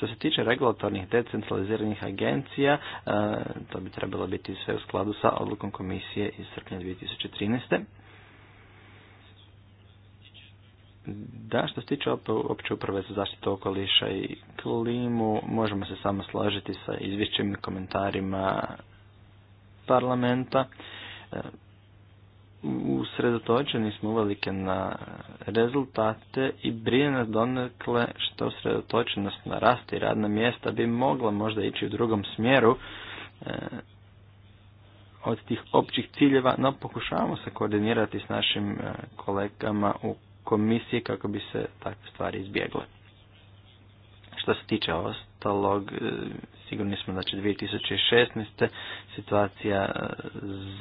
Što se tiče regulatornih decentraliziranih agencija, eh, to bi trebalo biti sve u skladu sa odlukom komisije iz srpnja 2013. Da, što se tiče opće uprave za zaštitu okoliša i klimu, možemo se samo složiti sa izvješćem i komentarima parlamenta. Eh, usredotočeni smo uvelike na rezultate i brine nas donekle što usredotočenost na rast i radna mjesta bi mogla možda ići u drugom smjeru e, od tih općih ciljeva, no pokušavamo se koordinirati s našim e, kolegama u komisiji kako bi se takve stvari izbjegle. Što se tiče katalog, e, sigurni smo da će 2016. situacija e,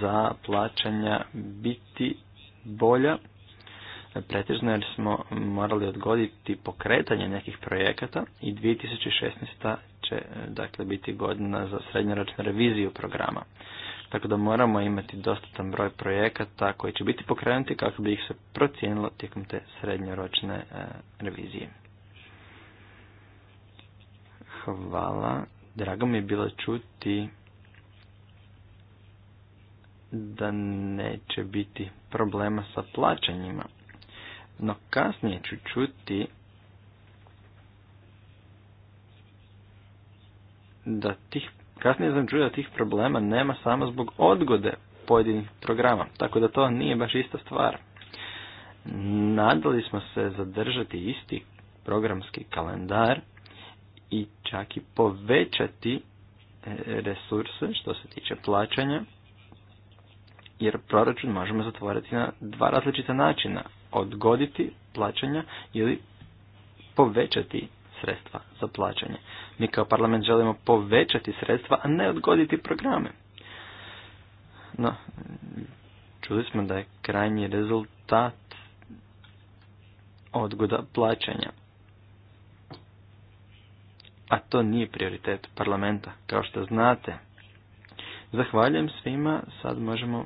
za plaćanja biti bolja. E, pretežno jer smo morali odgoditi pokretanje nekih projekata i 2016. će dakle, biti godina za srednjoročnu reviziju programa. Tako da moramo imati dostatan broj projekata koji će biti pokrenuti kako bi ih se procijenilo tijekom te srednjoročne revizije. Hvala. Drago mi je bilo čuti da neće biti problema sa plaćanjima. No kasnije ću čuti da tih, kasnije sam čuo da tih problema nema samo zbog odgode pojedinih programa, tako da to nije baš ista stvar. Nadali smo se zadržati isti programski kalendar, i čak i povećati e, resurse što se tiče plaćanja, jer proračun možemo zatvoriti na dva različita načina, odgoditi plaćanja ili povećati sredstva za plaćanje. Mi kao parlament želimo povećati sredstva, a ne odgoditi programe. No, čuli smo da je krajnji rezultat odgoda plaćanja a to nije prioritet parlamenta, kao što znate. Zahvaljujem svima, sad možemo,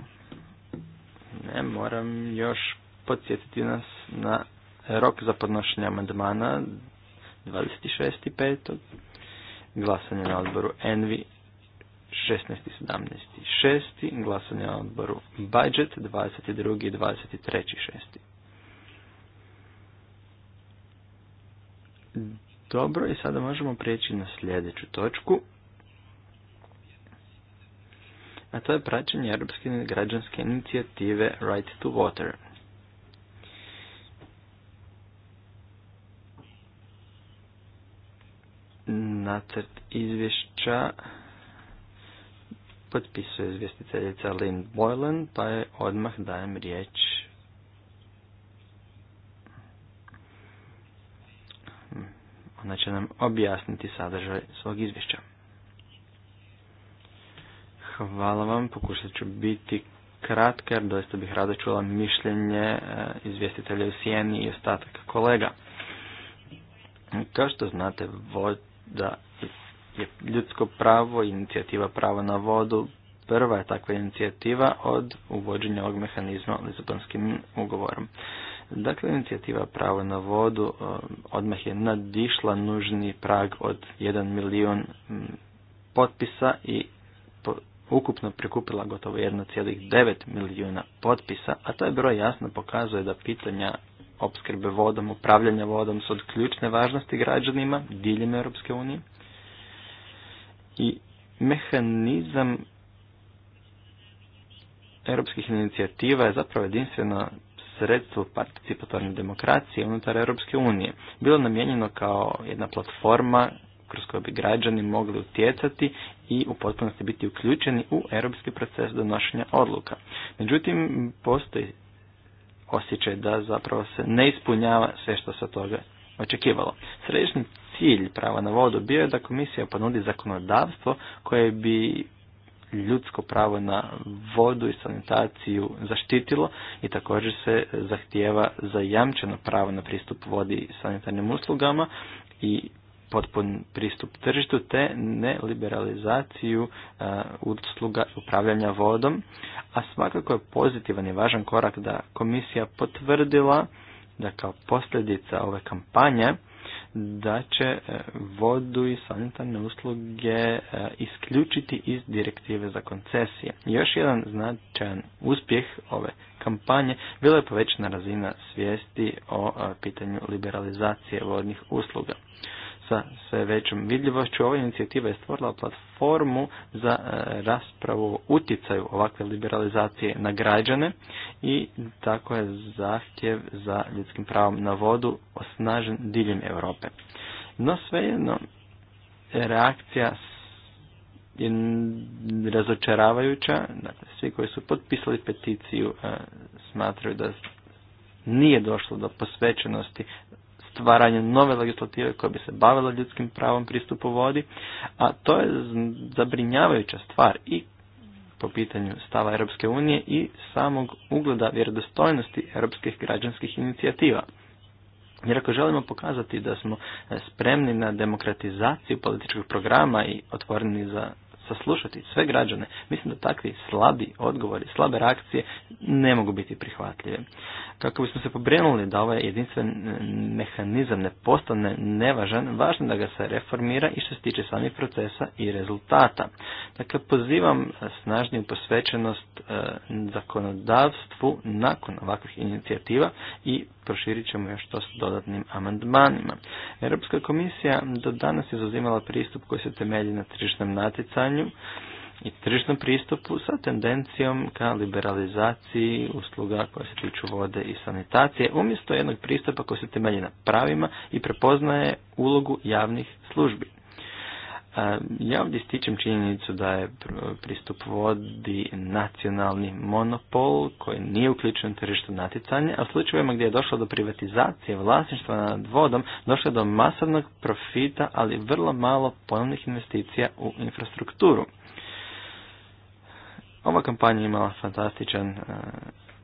ne moram još podsjetiti nas na rok za podnošenje amandmana 26.5. Glasanje na odboru Envi 16.17.6. Glasanje na odboru Budget 22. i 23. 6. Dobro, i sada možemo prijeći na sljedeću točku. A to je praćenje Europske građanske inicijative Right to Water. Nacrt izvješća potpisuje izvjestiteljica Lynn Boylan, pa je odmah dajem riječ Ona će nam objasniti sadržaj svog izvješća. Hvala vam, pokušat ću biti kratka jer doista bih rado čula mišljenje e, izvjestitelja u Sijeni i ostataka kolega. Kao što znate, voda je ljudsko pravo, inicijativa pravo na vodu, prva je takva inicijativa od uvođenja ovog mehanizma Lisabonskim ugovorom. Dakle, inicijativa pravo na vodu e, odmah je nadišla nužni prag od 1 milijun potpisa i ukupno prikupila gotovo 1,9 milijuna potpisa, a taj broj jasno pokazuje da pitanja opskrbe vodom, upravljanja vodom su od ključne važnosti građanima diljem Europske unije i mehanizam europskih inicijativa je zapravo jedinstveno sredstvo participatorne demokracije unutar Europske unije bilo namijenjeno kao jedna platforma kroz koju bi građani mogli utjecati i u potpunosti biti uključeni u europski proces donošenja odluka. Međutim, postoji osjećaj da zapravo se ne ispunjava sve što se toga očekivalo. Središnji cilj prava na vodu bio je da komisija ponudi zakonodavstvo koje bi ljudsko pravo na vodu i sanitaciju zaštitilo i također se zahtijeva zajamčeno pravo na pristup vodi i sanitarnim uslugama i potpun pristup tržištu te neliberalizaciju liberalizaciju usluga upravljanja vodom, a svakako je pozitivan i važan korak da komisija potvrdila da kao posljedica ove kampanje da će e, vodu i sanitarne usluge e, isključiti iz direktive za koncesije. Još jedan značajan uspjeh ove kampanje bila je povećana razina svijesti o e, pitanju liberalizacije vodnih usluga sa sve većom vidljivošću. Ova inicijativa je stvorila platformu za e, raspravu o uticaju ovakve liberalizacije na građane i tako je zahtjev za ljudskim pravom na vodu osnažen diljem Europe. No svejedno, reakcija je razočaravajuća. Dakle, svi koji su potpisali peticiju e, smatraju da nije došlo do posvećenosti stvaranje nove legislative koja bi se bavila ljudskim pravom pristupu vodi, a to je zabrinjavajuća stvar i po pitanju stava Europske unije i samog ugleda vjerodostojnosti europskih građanskih inicijativa. Jer ako želimo pokazati da smo spremni na demokratizaciju političkog programa i otvoreni za saslušati sve građane, mislim da takvi slabi odgovori, slabe reakcije ne mogu biti prihvatljive kako bismo se pobrinuli da ovaj jedinstven mehanizam ne postane nevažan, važno da ga se reformira i što se tiče samih procesa i rezultata. Dakle, pozivam snažniju posvećenost e, zakonodavstvu nakon ovakvih inicijativa i proširit ćemo još to s dodatnim amandmanima. Europska komisija do danas je zauzimala pristup koji se temelji na tržišnom natjecanju, i tržišnom pristupu sa tendencijom ka liberalizaciji usluga koje se tiču vode i sanitacije, umjesto jednog pristupa koji se temelji na pravima i prepoznaje ulogu javnih službi. E, ja ovdje stičem činjenicu da je pristup vodi nacionalni monopol koji nije uključen u tržištu natjecanja, a u slučajevima gdje je došlo do privatizacije vlasništva nad vodom, došlo je do masovnog profita, ali vrlo malo ponovnih investicija u infrastrukturu. Ova kampanja imala fantastičan e,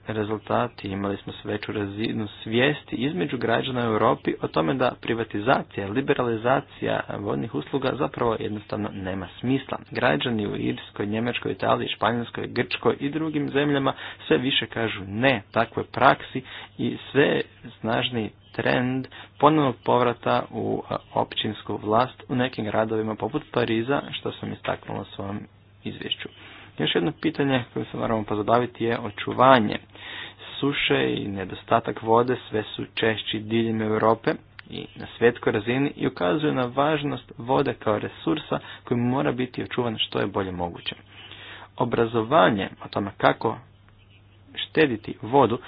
rezultat i imali smo sve veću razinu svijesti između građana u Europi o tome da privatizacija, liberalizacija vodnih usluga zapravo jednostavno nema smisla. Građani u Irskoj, Njemačkoj, Italiji, Španjolskoj, Grčkoj i drugim zemljama sve više kažu ne takvoj praksi i sve snažni trend ponovnog povrata u e, općinsku vlast u nekim gradovima poput Pariza, što sam istaknula u svom izvješću. Još jedno pitanje koje se moramo pozabaviti je očuvanje. Suše i nedostatak vode sve su češći diljem Europe i na svjetkoj razini i ukazuju na važnost vode kao resursa koji mora biti očuvan što je bolje moguće. Obrazovanje o tome kako štediti vodu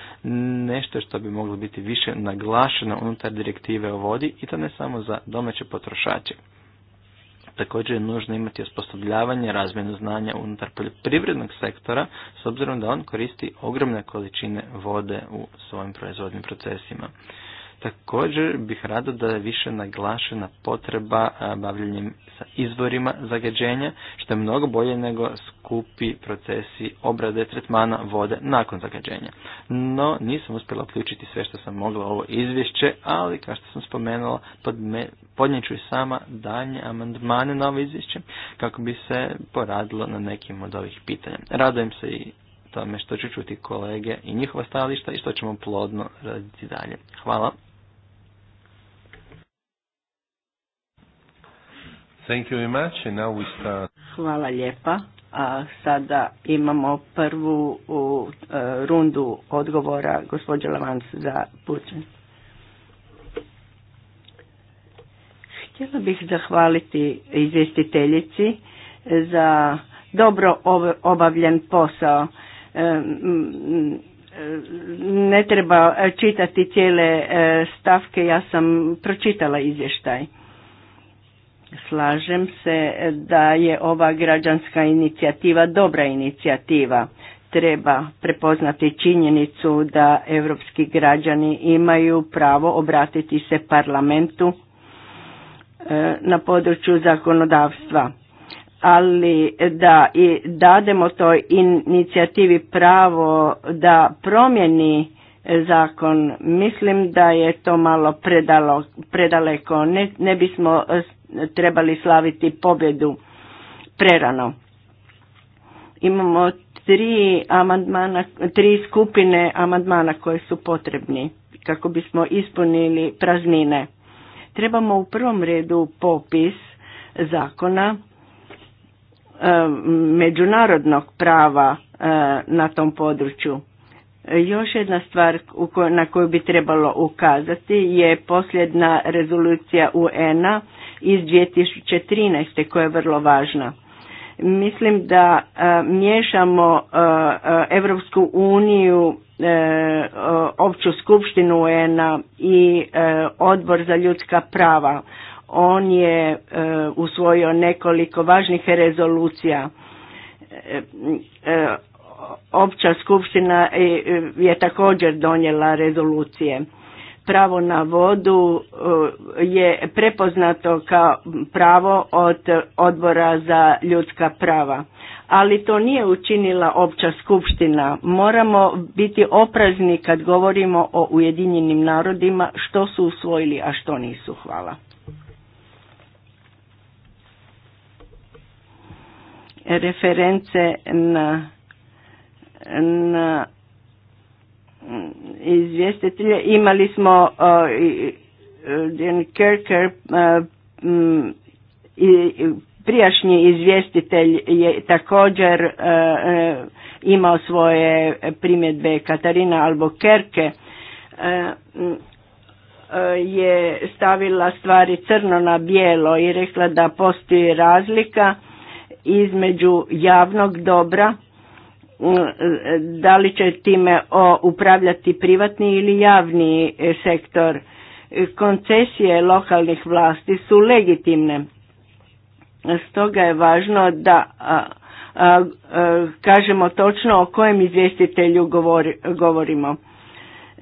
nešto što bi moglo biti više naglašeno unutar direktive o vodi i to ne samo za domaće potrošače. Također je nužno imati osposobljavanje razmjenu znanja unutar poljoprivrednog sektora s obzirom da on koristi ogromne količine vode u svojim proizvodnim procesima. Također bih rado da je više naglašena potreba bavljanjem sa izvorima zagađenja, što je mnogo bolje nego skupi procesi obrade tretmana vode nakon zagađenja. No, nisam uspjela uključiti sve što sam mogla ovo izvješće, ali kao što sam spomenula, podnijet ću i sama dalje amandmane na ovo izvješće kako bi se poradilo na nekim od ovih pitanja. Radojem se i tome što ću čuti kolege i njihova stajališta i što ćemo plodno raditi dalje. Hvala. Thank you very And now we start. Hvala lijepa. A sada imamo prvu u, e, rundu odgovora gospođa Lavans za Putin. Htjela bih zahvaliti izvjestiteljici za dobro obavljen posao. E, ne treba čitati cijele e, stavke, ja sam pročitala izvještaj. Slažem se da je ova građanska inicijativa dobra inicijativa. Treba prepoznati činjenicu da evropski građani imaju pravo obratiti se parlamentu e, na području zakonodavstva ali da i dademo toj inicijativi pravo da promjeni zakon, mislim da je to malo predaleko. Ne, ne bismo trebali slaviti pobjedu prerano. Imamo tri amandmana, tri skupine amandmana koje su potrebni kako bismo ispunili praznine. Trebamo u prvom redu popis zakona e, međunarodnog prava e, na tom području. Još jedna stvar na koju bi trebalo ukazati je posljedna rezolucija UN-a iz 2013. koja je vrlo važna. Mislim da e, miješamo e, e, Evropsku uniju, opću skupštinu UN-a i odbor za ljudska prava. On je usvojio nekoliko važnih rezolucija opća skupština je također donijela rezolucije. Pravo na vodu e, je prepoznato kao pravo od odbora za ljudska prava, ali to nije učinila opća skupština. Moramo biti oprezni kad govorimo o Ujedinjenim narodima što su usvojili, a što nisu. Hvala. Reference na na mm, izvjestitelje. Imali smo Jen Kirker, e, mm, prijašnji izvjestitelj je također e, e, imao svoje primjedbe Katarina albo Kerke mm, je stavila stvari crno na bijelo i rekla da postoji razlika između javnog dobra da li će time upravljati privatni ili javni e, sektor. Koncesije lokalnih vlasti su legitimne. Stoga je važno da kažemo točno o kojem izvjestitelju govorimo.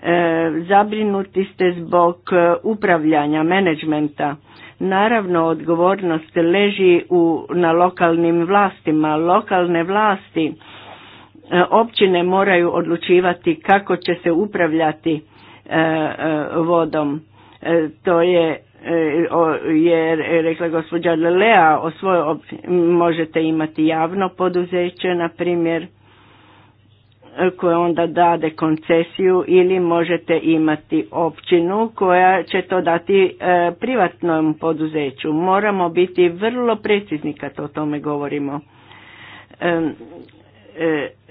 E, zabrinuti ste zbog e, upravljanja, menadžmenta. Naravno, odgovornost leži u, na lokalnim vlastima. Lokalne vlasti E, općine moraju odlučivati kako će se upravljati e, e, vodom. To je je rekla gospođa Lelea o svojoj možete imati javno poduzeće na primjer koje onda dade koncesiju ili možete imati općinu koja će to dati privatnom poduzeću. Moramo biti vrlo precizni kad o tome govorimo. E, E,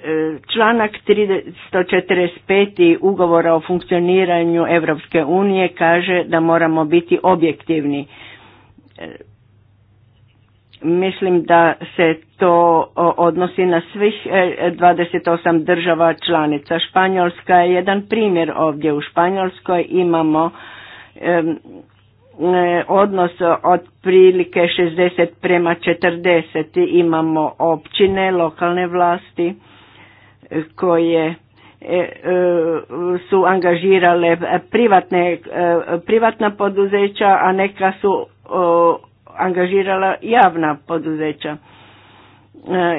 e, članak 145. ugovora o funkcioniranju Europske unije kaže da moramo biti objektivni. E, mislim da se to odnosi na svih 28 država članica. Španjolska je jedan primjer ovdje. U Španjolskoj imamo E, odnos prilike 60 prema 40 imamo općine, lokalne vlasti e, koje e, su angažirale privatne, privatna poduzeća, a neka su angažirala javna poduzeća.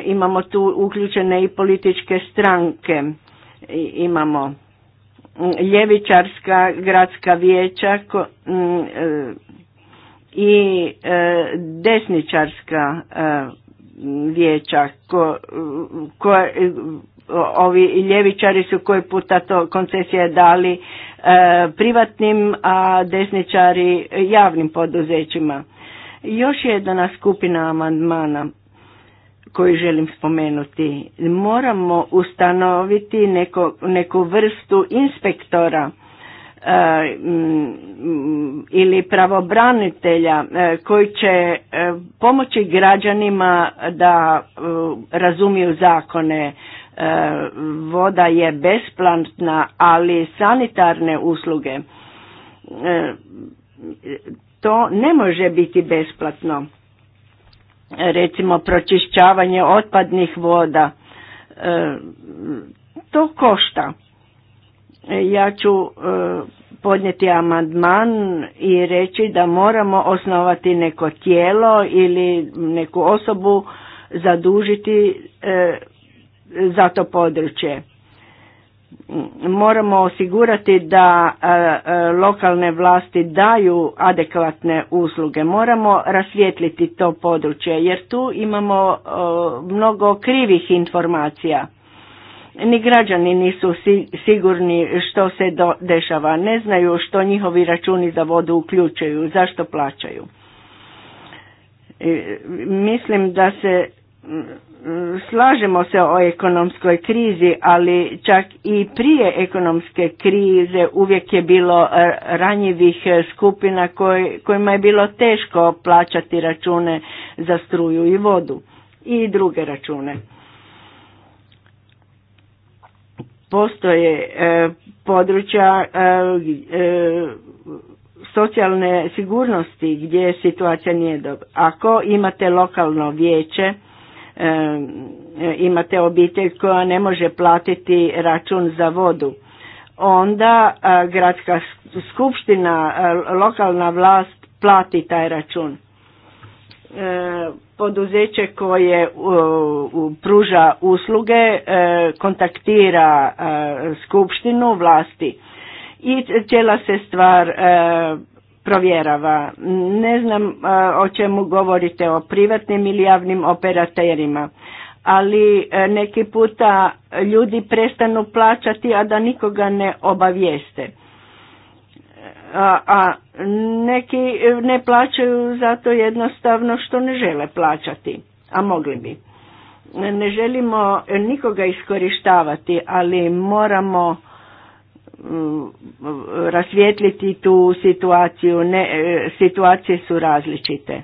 Imamo tu uključene i političke stranke. Imamo ljevičarska gradska vijeća mm, e, i e, desničarska e, vijeća ovi ljevičari su koji puta to koncesije dali privatnim, a desničari javnim poduzećima. Još jedna skupina amandmana koju želim spomenuti. Moramo ustanoviti neko, neku vrstu inspektora e, mm, ili pravobranitelja e, koji će e, pomoći građanima da razumiju zakone. Voda je besplatna, ali sanitarne usluge to ne može biti besplatno recimo pročišćavanje otpadnih voda. E, to košta. E, ja ću e, podnijeti amandman i reći da moramo osnovati neko tijelo ili neku osobu zadužiti za to područje moramo osigurati da e, e, lokalne vlasti daju adekvatne usluge. Moramo rasvijetliti to područje jer tu imamo e, mnogo krivih informacija. Ni građani nisu sigurni što se dešava, ne znaju što njihovi računi za vodu uključuju, zašto plaćaju. Mislim da se slažemo se o ekonomskoj krizi, ali čak i prije ekonomske krize uvijek je bilo e, ranjivih e, skupina kojima je bilo teško plaćati račune za struju i vodu i druge račune. Postoje e, područja socijalne sigurnosti gdje situacija nije dobra. Ako imate lokalno vijeće, E, imate obitelj koja ne može platiti račun za vodu. Onda e, gradska skupština, e, lokalna vlast plati taj račun. Poduzeće koje pruža usluge kontaktira skupštinu vlasti i cijela se stvar provjerava. Ne znam e, o čemu govorite, o privatnim ili javnim operaterima, ali e, neki puta ljudi prestanu plaćati, a da nikoga ne obavijeste. E, a, a neki ne plaćaju zato jednostavno što ne žele plaćati, a mogli bi. Ne želimo nikoga iskorištavati, ali moramo Mm, rasvijetliti tu situaciju, ne, e, situacije su različite.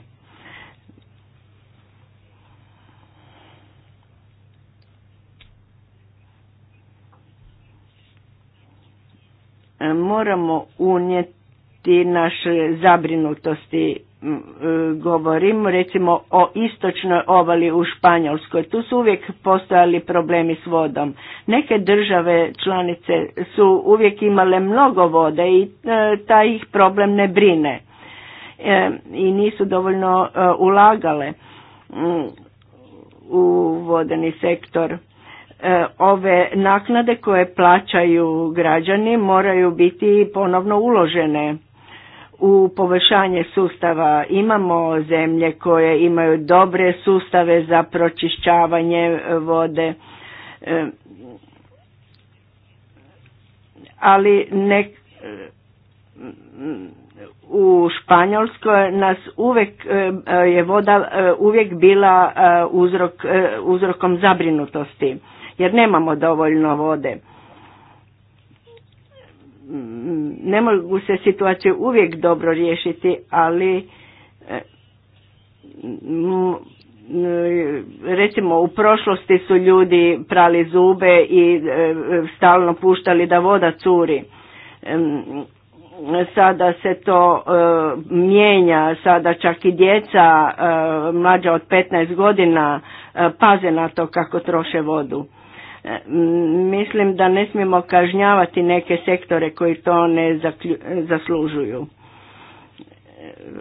E, moramo unijeti naše zabrinutosti E, govorim, recimo o istočnoj ovali u Španjolskoj. Tu su uvijek postojali problemi s vodom. Neke države članice su uvijek imale mnogo vode i e, taj ih problem ne brine e, i nisu dovoljno ulagale u vodeni sektor. Ove naknade koje plaćaju građani moraju biti ponovno uložene u poboljšanje sustava. Imamo zemlje koje imaju dobre sustave za pročišćavanje e, vode, e, ali e, u Španjolskoj nas uvek je voda uvijek bila uzrok, uzrokom zabrinutosti jer nemamo dovoljno vode. Mm, ne mogu se situacije uvijek dobro riješiti, ali e, e, recimo u prošlosti su ljudi prali zube i e, stalno puštali da voda curi. Sada se to mijenja, sada čak i djeca mlađa od 15 godina paze na to kako troše vodu. Mm, mislim da ne smijemo kažnjavati neke sektore koji to ne zaslužuju.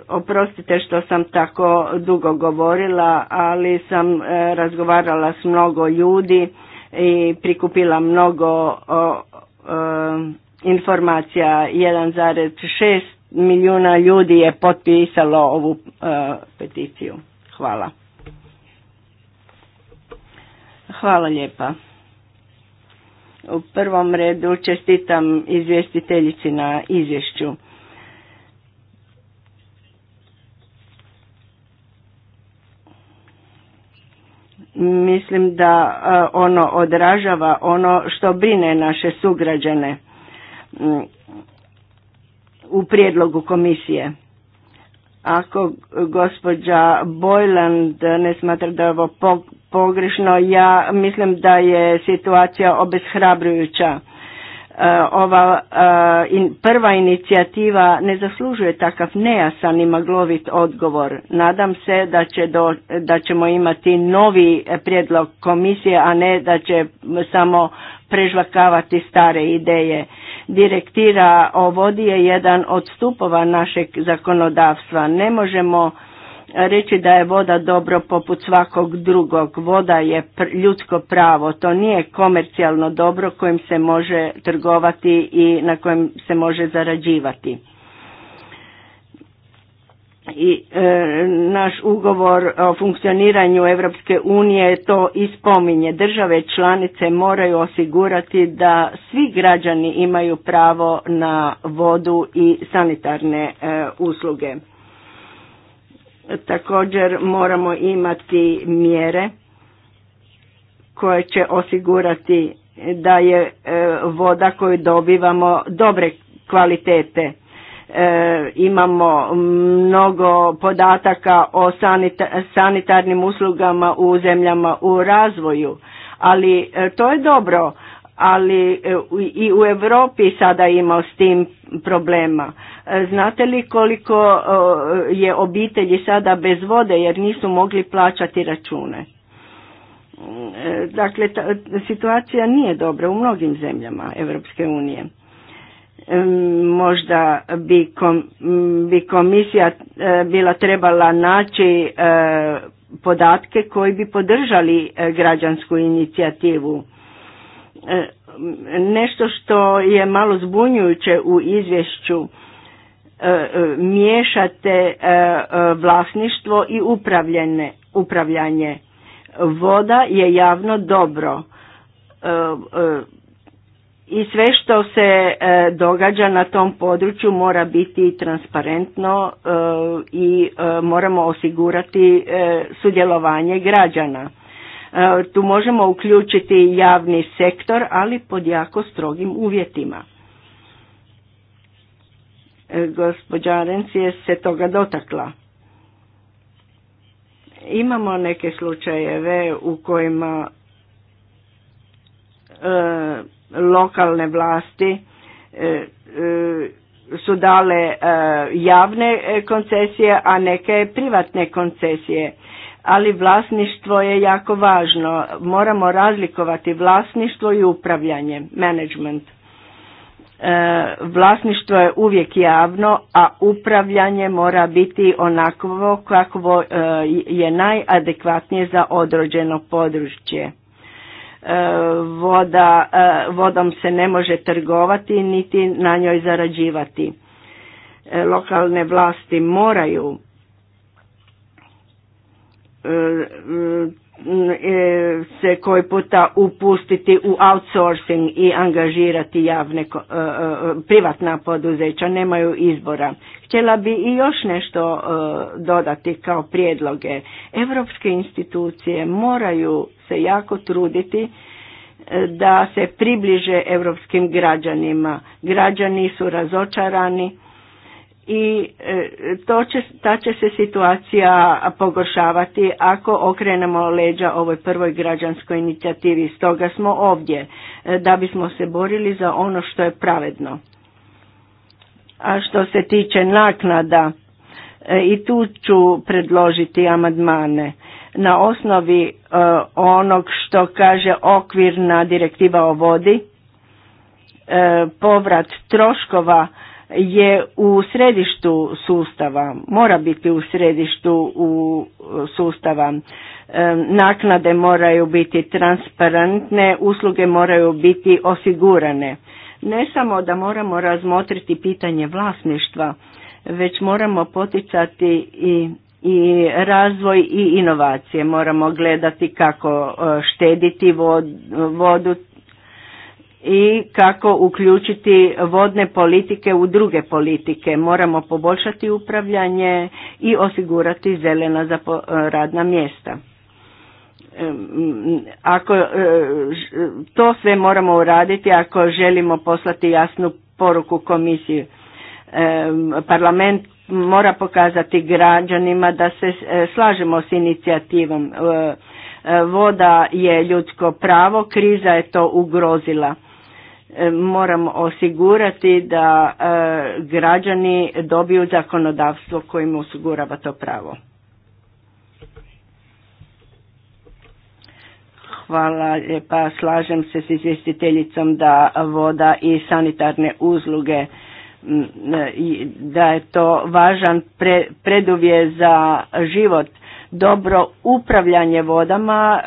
Oprostite što sam tako dugo govorila, ali sam e, razgovarala s mnogo ljudi i prikupila mnogo o, e, informacija. 1,6 milijuna ljudi je potpisalo ovu e, peticiju. Hvala. Hvala lijepa. U prvom redu čestitam izvjestiteljici na izvješću. Mislim da ono odražava ono što brine naše sugrađane u prijedlogu komisije. Ako gospođa Bojland ne smatra da je ovo pogrešno. Ja mislim da je situacija obeshrabrujuća. E, ova e, prva inicijativa ne zaslužuje takav nejasan i maglovit odgovor. Nadam se da, će da ćemo imati novi prijedlog komisije, a ne da će samo prežvakavati stare ideje. Direktira o vodi je jedan od stupova našeg zakonodavstva. Ne možemo reći da je voda dobro poput svakog drugog. Voda je ljudsko pravo, to nije komercijalno dobro kojim se može trgovati i na kojem se može zarađivati. I e, naš ugovor o funkcioniranju Europske unije to ispominje. Države članice moraju osigurati da svi građani imaju pravo na vodu i sanitarne e, usluge. Također moramo imati mjere koje će osigurati da je e, voda koju dobivamo dobre kvalitete. E, imamo mnogo podataka o sanitarnim uslugama u zemljama u razvoju, ali e, to je dobro ali e, i u Europi sada ima s tim problema. E, znate li koliko e, je obitelji sada bez vode jer nisu mogli plaćati račune? Dakle, ta situacija nije dobra u mnogim zemljama Europske unije. Možda bi, bi komisija bila trebala naći podatke koji bi podržali građansku inicijativu Nešto što je malo zbunjujuće u izvješću, e, e, miješate e, vlasništvo i upravljanje. Voda je javno dobro i sve što se događa na tom području mora biti transparentno i moramo osigurati sudjelovanje građana. E, tu možemo uključiti javni sektor, ali pod jako strogim uvjetima. E, gospođa Renc je se toga dotakla. Imamo neke slučajeve u kojima e, lokalne vlasti su dale javne koncesije, a neke privatne koncesije ali vlasništvo je jako važno. Moramo razlikovati vlasništvo i upravljanje, management. E, vlasništvo je uvijek javno, a upravljanje mora biti onako kako e, je najadekvatnije za određeno područje. E, voda, vodom se ne može trgovati niti na njoj zarađivati. Lokalne vlasti moraju se koji puta upustiti u outsourcing i angažirati javne, e, e, privatna poduzeća, nemaju izbora. Htjela bi i još nešto e, dodati kao prijedloge. Europske institucije moraju se jako truditi da se približe europskim građanima. Građani su razočarani i e, to će, ta će se situacija pogoršavati ako okrenemo leđa ovoj prvoj građanskoj inicijativi. Stoga smo ovdje e, da bismo se borili za ono što je pravedno. A što se tiče naknada, e, i tu ću predložiti amandmane na osnovi onog što kaže okvirna direktiva o vodi, povrat troškova je u središtu sustava, mora biti u središtu u e, sustava. E, naknade moraju biti transparentne, usluge moraju biti osigurane. Ne samo da moramo razmotriti pitanje vlasništva, već moramo poticati i i razvoj i inovacije. Moramo gledati kako e, štediti vodu, i kako uključiti vodne politike u druge politike. Moramo poboljšati upravljanje i osigurati zelena za e, radna mjesta. Ako e, to sve moramo uraditi ako želimo poslati jasnu poruku komisiji. Parlament mora pokazati građanima da se e, slažemo s inicijativom. Voda je ljudsko pravo, kriza je to ugrozila E, moramo osigurati da e, građani dobiju zakonodavstvo kojim osigurava to pravo. Hvala lijepa. Slažem se s izvjestiteljicom da voda i sanitarne uzluge e, da je to važan pre, preduvje za život. Dobro upravljanje vodama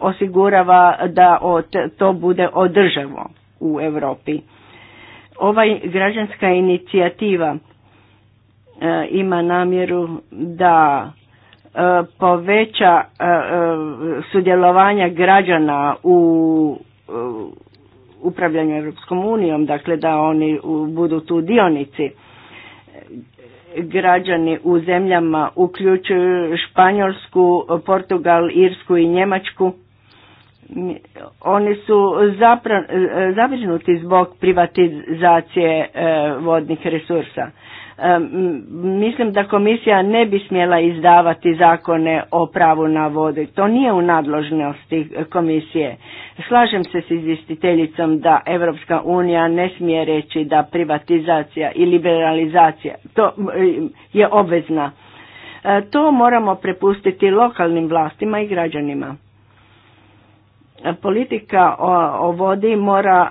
osigurava da to bude održavo u Europi. Ovaj građanska inicijativa e, ima namjeru da e, poveća e, sudjelovanja građana u upravljanju Europskom unijom, dakle da oni budu tu dionici. Građani u zemljama uključuju Španjolsku, Portugal, Irsku i Njemačku oni su e, zabrinuti zbog privatizacije e, vodnih resursa. E, mislim da komisija ne bi smjela izdavati zakone o pravu na vode. To nije u nadložnosti komisije. Slažem se s izvjestiteljicom da Europska unija ne smije reći da privatizacija i liberalizacija to je obvezna. To moramo prepustiti lokalnim vlastima i građanima. Politika o vodi mora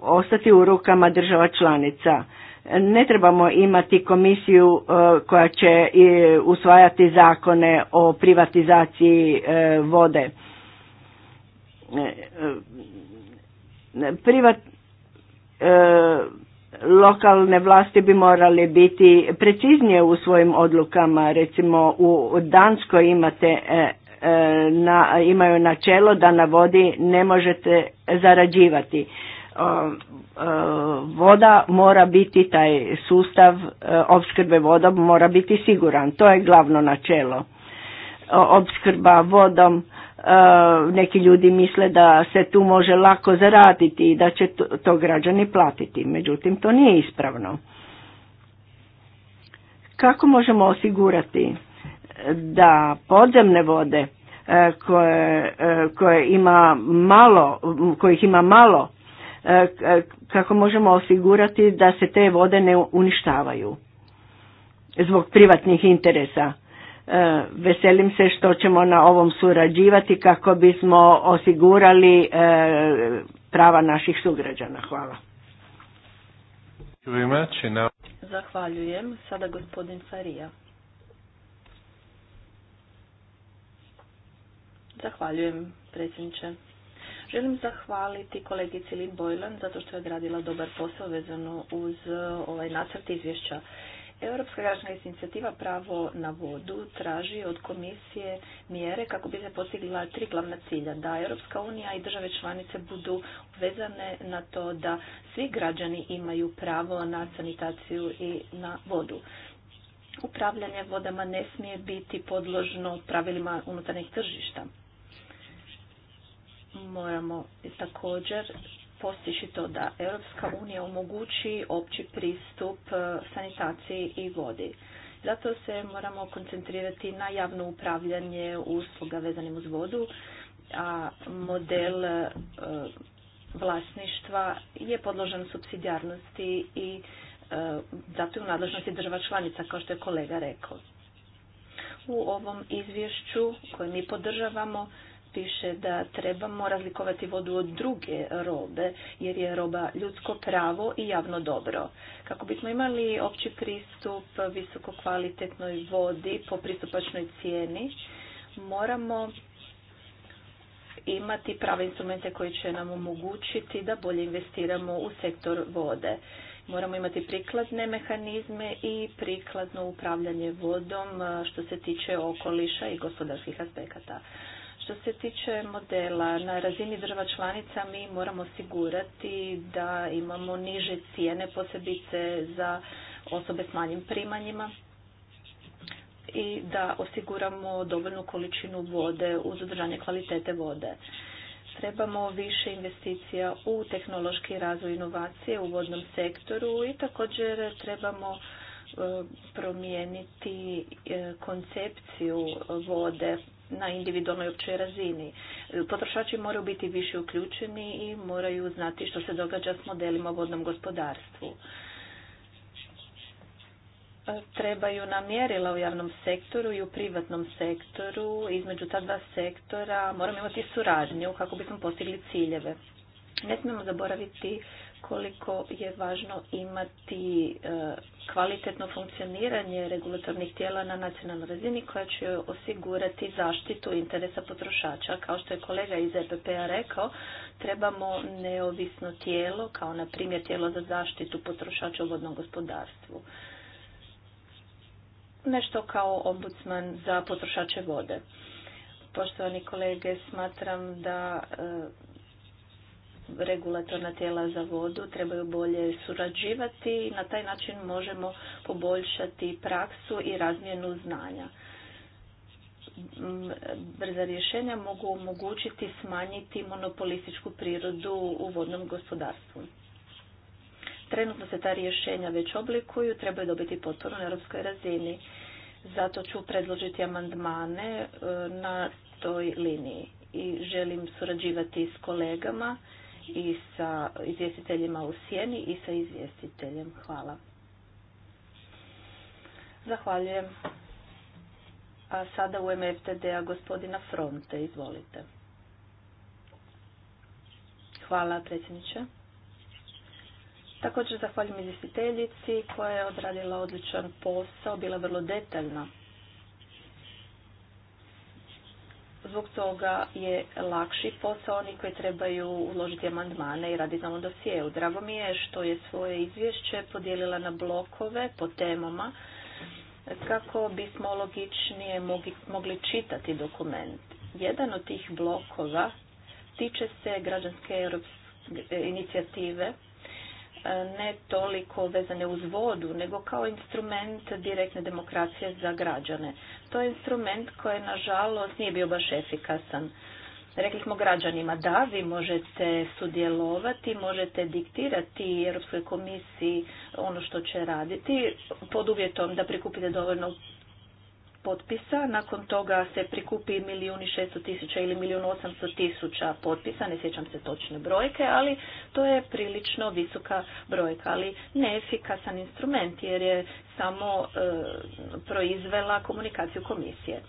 ostati u rukama država članica. Ne trebamo imati komisiju koja će usvajati zakone o privatizaciji e, vode. E, e, privat, lokalne vlasti bi morali biti preciznije u svojim odlukama. Recimo u Danskoj imate E, na, imaju načelo da na vodi ne možete zarađivati. E, e, voda mora biti, taj sustav opskrbe vodom mora biti siguran. To je glavno načelo. Opskrba vodom, neki ljudi misle da se tu može lako zaraditi i da će to građani platiti. Međutim, to nije ispravno. Kako možemo osigurati da podzemne vode e, e, koje, ima malo, kojih ima malo, e, kako možemo osigurati da se te vode ne uništavaju zbog privatnih interesa. Veselim se što ćemo na ovom surađivati kako bismo osigurali prava naših sugrađana. Hvala. Zahvaljujem. Sada gospodin Farija. Zahvaljujem, predsjedniče. Želim zahvaliti kolegici Lynn Boylan zato što je gradila dobar posao vezano uz uh, ovaj nacrt izvješća. Europska građanska inicijativa Pravo na vodu traži od komisije mjere kako bi se postigla tri glavna cilja. Da Europska unija i države članice budu vezane na to da svi građani imaju pravo na sanitaciju i na vodu. Upravljanje vodama ne smije biti podložno pravilima unutarnjih tržišta moramo također postići to da Europska unija omogući opći pristup e, sanitaciji i vodi. Zato se moramo koncentrirati na javno upravljanje usluga vezanim uz vodu, a model e, vlasništva je podložan subsidijarnosti i e, zato je u nadležnosti država članica, kao što je kolega rekao. U ovom izvješću koje mi podržavamo piše da trebamo razlikovati vodu od druge robe, jer je roba ljudsko pravo i javno dobro. Kako bismo imali opći pristup visoko kvalitetnoj vodi po pristupačnoj cijeni, moramo imati prave instrumente koji će nam omogućiti da bolje investiramo u sektor vode. Moramo imati prikladne mehanizme i prikladno upravljanje vodom što se tiče okoliša i gospodarskih aspekata. Što se tiče modela, na razini država članica mi moramo osigurati da imamo niže cijene, posebice za osobe s manjim primanjima i da osiguramo dovoljnu količinu vode uz održanje kvalitete vode. Trebamo više investicija u tehnološki razvoj inovacije u vodnom sektoru i također trebamo e, promijeniti e, koncepciju vode na individualnoj općoj razini. Potrošači moraju biti više uključeni i moraju znati što se događa s modelima u vodnom gospodarstvu. Trebaju nam mjerila u javnom sektoru i u privatnom sektoru. Između ta dva sektora moramo imati suradnju kako bismo postigli ciljeve. Ne smijemo zaboraviti koliko je važno imati e, kvalitetno funkcioniranje regulatornih tijela na nacionalnoj razini koja će osigurati zaštitu interesa potrošača. Kao što je kolega iz EPP-a rekao, trebamo neovisno tijelo, kao na primjer tijelo za zaštitu potrošača u vodnom gospodarstvu. Nešto kao ombudsman za potrošače vode. Poštovani kolege, smatram da e, regulatorna tijela za vodu trebaju bolje surađivati i na taj način možemo poboljšati praksu i razmjenu znanja. Brza rješenja mogu omogućiti smanjiti monopolističku prirodu u vodnom gospodarstvu. Trenutno se ta rješenja već oblikuju, trebaju dobiti potporu na europskoj razini. Zato ću predložiti amandmane e, na toj liniji i želim surađivati s kolegama i sa izvjestiteljima u sjeni i sa izvjestiteljem. Hvala. Zahvaljujem. A sada u ime a gospodina Fronte, izvolite. Hvala predsjedniče. Također zahvaljujem izvjestiteljici koja je odradila odličan posao, bila vrlo detaljna Zbog toga je lakši posao oni koji trebaju uložiti amandmane i raditi na ovom dosijelu. Drago mi je što je svoje izvješće podijelila na blokove po temama kako bismo logičnije mogli, mogli čitati dokument. Jedan od tih blokova tiče se građanske europske inicijative E, ne toliko vezane uz vodu, nego kao instrument direktne demokracije za građane. To je instrument koji, nažalost, nije bio baš efikasan. Rekli smo građanima da vi možete sudjelovati, možete diktirati Europskoj komisiji ono što će raditi pod uvjetom da prikupite dovoljno potpisa, nakon toga se prikupi milijuni šesto tisuća ili milijun osamsto tisuća potpisa, ne sjećam se točne brojke, ali to je prilično visoka brojka, ali neefikasan instrument jer je samo e, proizvela komunikaciju komisije.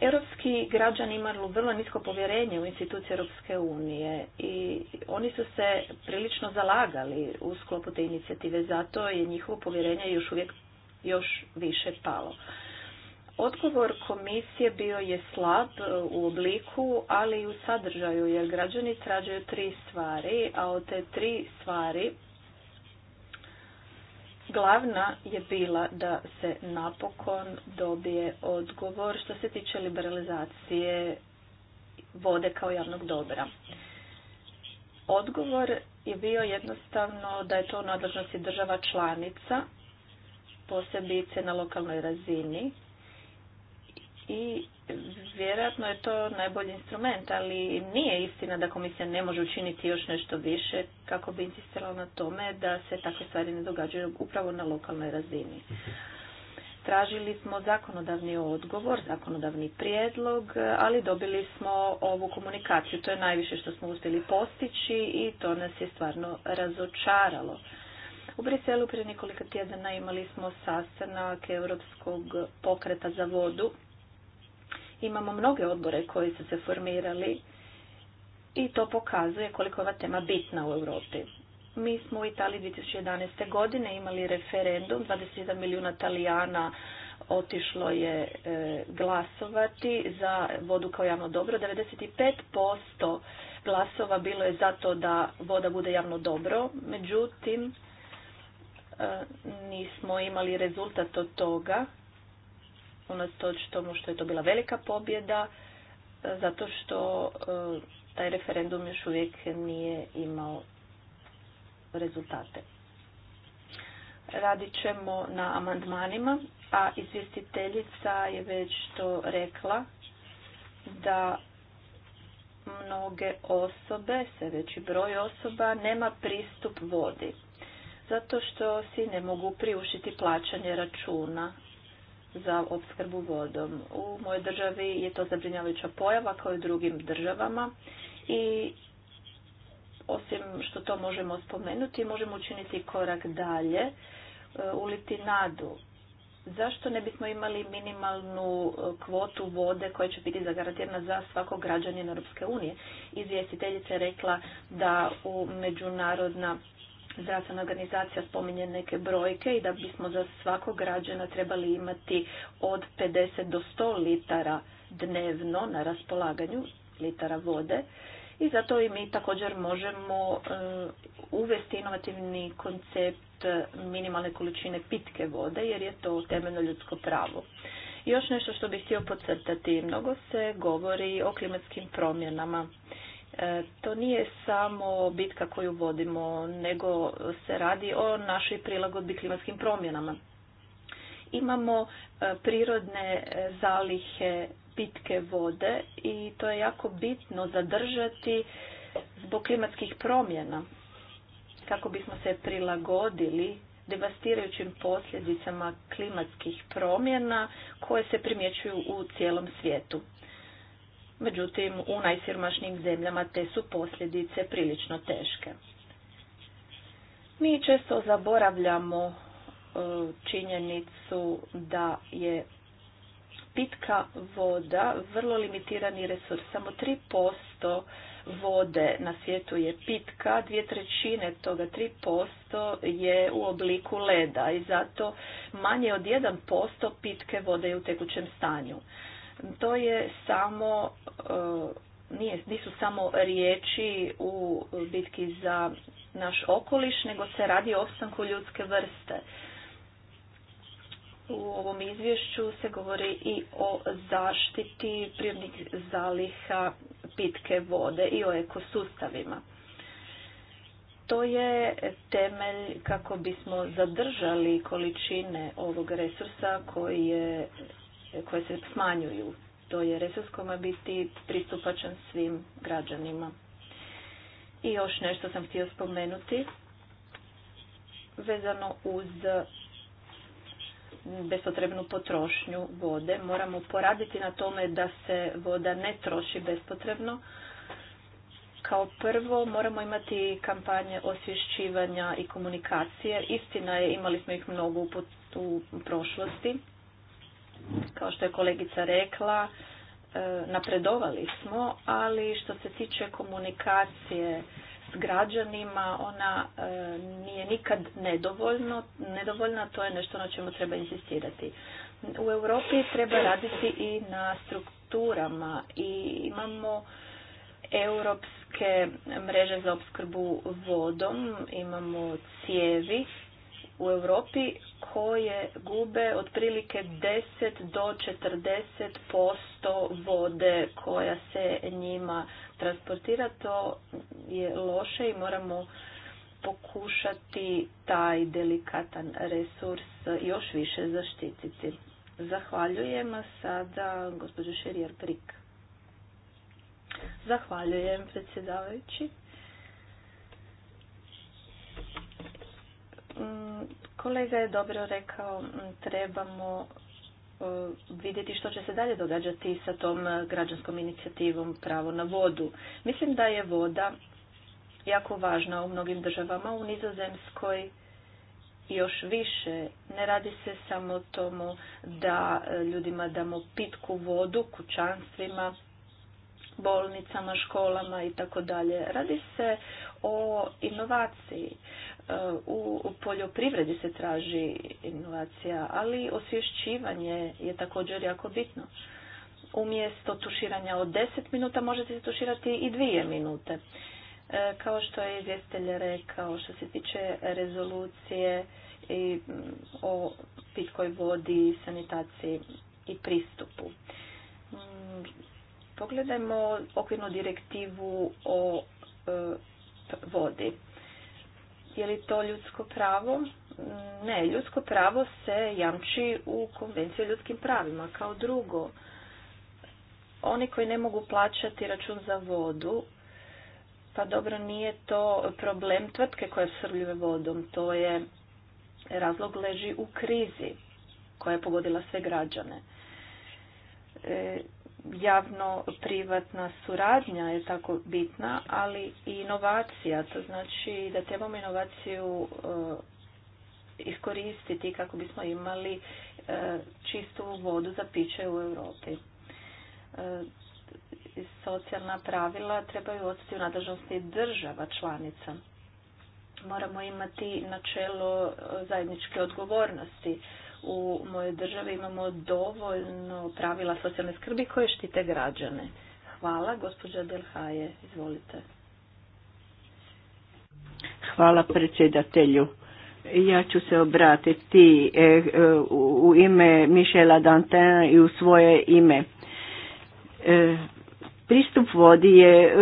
Europski građani imaju vrlo nisko povjerenje u institucije Europske unije i oni su se prilično zalagali u sklopu te inicijative, zato je njihovo povjerenje još uvijek još više palo. Odgovor komisije bio je slab e, u obliku, ali i u sadržaju, jer građani trađaju tri stvari, a od te tri stvari glavna je bila da se napokon dobije odgovor što se tiče liberalizacije vode kao javnog dobra. Odgovor je bio jednostavno da je to u nadležnosti država članica, posebice na lokalnoj razini, i vjerojatno je to najbolji instrument, ali nije istina da komisija ne može učiniti još nešto više kako bi insistirala na tome da se takve stvari ne događaju upravo na lokalnoj razini. Tražili smo zakonodavni odgovor, zakonodavni prijedlog, ali dobili smo ovu komunikaciju. To je najviše što smo uspjeli postići i to nas je stvarno razočaralo. U Briselu prije nekoliko tjedana imali smo sastanak Europskog pokreta za vodu Imamo mnoge odbore koji su se formirali i to pokazuje koliko je ova tema bitna u Europi. Mi smo u Italiji 2011. godine imali referendum, 27 milijuna Italijana otišlo je e, glasovati za vodu kao javno dobro. 95% glasova bilo je zato da voda bude javno dobro, međutim e, nismo imali rezultat od toga unatoč tomu što je to bila velika pobjeda, e, zato što e, taj referendum još uvijek nije imao rezultate. Radit ćemo na amandmanima, a izvjestiteljica je već to rekla da mnoge osobe, sve veći broj osoba, nema pristup vodi zato što si ne mogu priušiti plaćanje računa za opskrbu vodom. U mojoj državi je to zabrinjavajuća pojava kao i u drugim državama i osim što to možemo spomenuti, možemo učiniti korak dalje, e, uliti nadu. Zašto ne bismo imali minimalnu e, kvotu vode koja će biti zagarantirana za svakog građanina Europske unije? Izvjestiteljica je rekla da u međunarodna zdravstvena organizacija spominje neke brojke i da bismo za svakog građana trebali imati od 50 do 100 litara dnevno na raspolaganju litara vode i zato i mi također možemo e, uvesti inovativni koncept minimalne količine pitke vode jer je to temeljno ljudsko pravo. još nešto što bih htio podcrtati, mnogo se govori o klimatskim promjenama E, to nije samo bitka koju vodimo, nego se radi o našoj prilagodbi klimatskim promjenama. Imamo e, prirodne e, zalihe pitke vode i to je jako bitno zadržati zbog klimatskih promjena kako bismo se prilagodili devastirajućim posljedicama klimatskih promjena koje se primjećuju u cijelom svijetu međutim u najsiromašnijim zemljama te su posljedice prilično teške. Mi često zaboravljamo e, činjenicu da je pitka voda vrlo limitirani resurs. Samo 3% vode na svijetu je pitka, dvije trećine toga 3% je u obliku leda i zato manje od 1% pitke vode je u tekućem stanju to je samo e, nije, nisu samo riječi u bitki za naš okoliš, nego se radi o opstanku ljudske vrste. U ovom izvješću se govori i o zaštiti prirodnih zaliha pitke vode i o ekosustavima. To je temelj kako bismo zadržali količine ovog resursa koji je koje se smanjuju. To je resurs biti pristupačan svim građanima. I još nešto sam htio spomenuti vezano uz bespotrebnu potrošnju vode. Moramo poraditi na tome da se voda ne troši bespotrebno. Kao prvo moramo imati kampanje osvješćivanja i komunikacije. Istina je, imali smo ih mnogo u prošlosti. Kao što je kolegica rekla, e, napredovali smo, ali što se tiče komunikacije s građanima, ona e, nije nikad nedovoljno, nedovoljna, to je nešto na čemu treba insistirati. U Europi treba raditi i na strukturama i imamo europske mreže za opskrbu vodom, imamo cijevi u Europi koje gube otprilike 10 do 40% vode koja se njima transportira. To je loše i moramo pokušati taj delikatan resurs još više zaštititi. Zahvaljujem sada gospođu Šerijar Prik. Zahvaljujem predsjedavajući. Kolega je dobro rekao, trebamo e, vidjeti što će se dalje događati sa tom e, građanskom inicijativom pravo na vodu. Mislim da je voda jako važna u mnogim državama, u Nizozemskoj još više. Ne radi se samo o tomu da e, ljudima damo pitku vodu, kućanstvima, bolnicama, školama i tako dalje. Radi se o inovaciji. E, u poljoprivredi se traži inovacija, ali osvješćivanje je također jako bitno. Umjesto tuširanja od 10 minuta možete se tuširati i dvije minute. E, kao što je izvjestelj rekao, što se tiče rezolucije i mm, o pitkoj vodi, sanitaciji i pristupu. Mm, pogledajmo okvirnu direktivu o e, vodi je li to ljudsko pravo? Ne, ljudsko pravo se jamči u konvenciju o ljudskim pravima. Kao drugo, oni koji ne mogu plaćati račun za vodu, pa dobro nije to problem tvrtke koja srljuje vodom, to je razlog leži u krizi koja je pogodila sve građane. E, javno-privatna suradnja je tako bitna, ali i inovacija. To znači da trebamo inovaciju eh, iskoristiti kako bismo imali eh, čistu vodu za piće u Europi. Eh, socijalna pravila trebaju ostati u nadležnosti država članica. Moramo imati načelo zajedničke odgovornosti u mojoj državi imamo dovoljno pravila socijalne skrbi koje štite građane. Hvala, gospođa Delhaje, izvolite. Hvala predsjedatelju. Ja ću se obratiti e, e, u ime Mišela Dantena i u svoje ime. E, pristup vodi je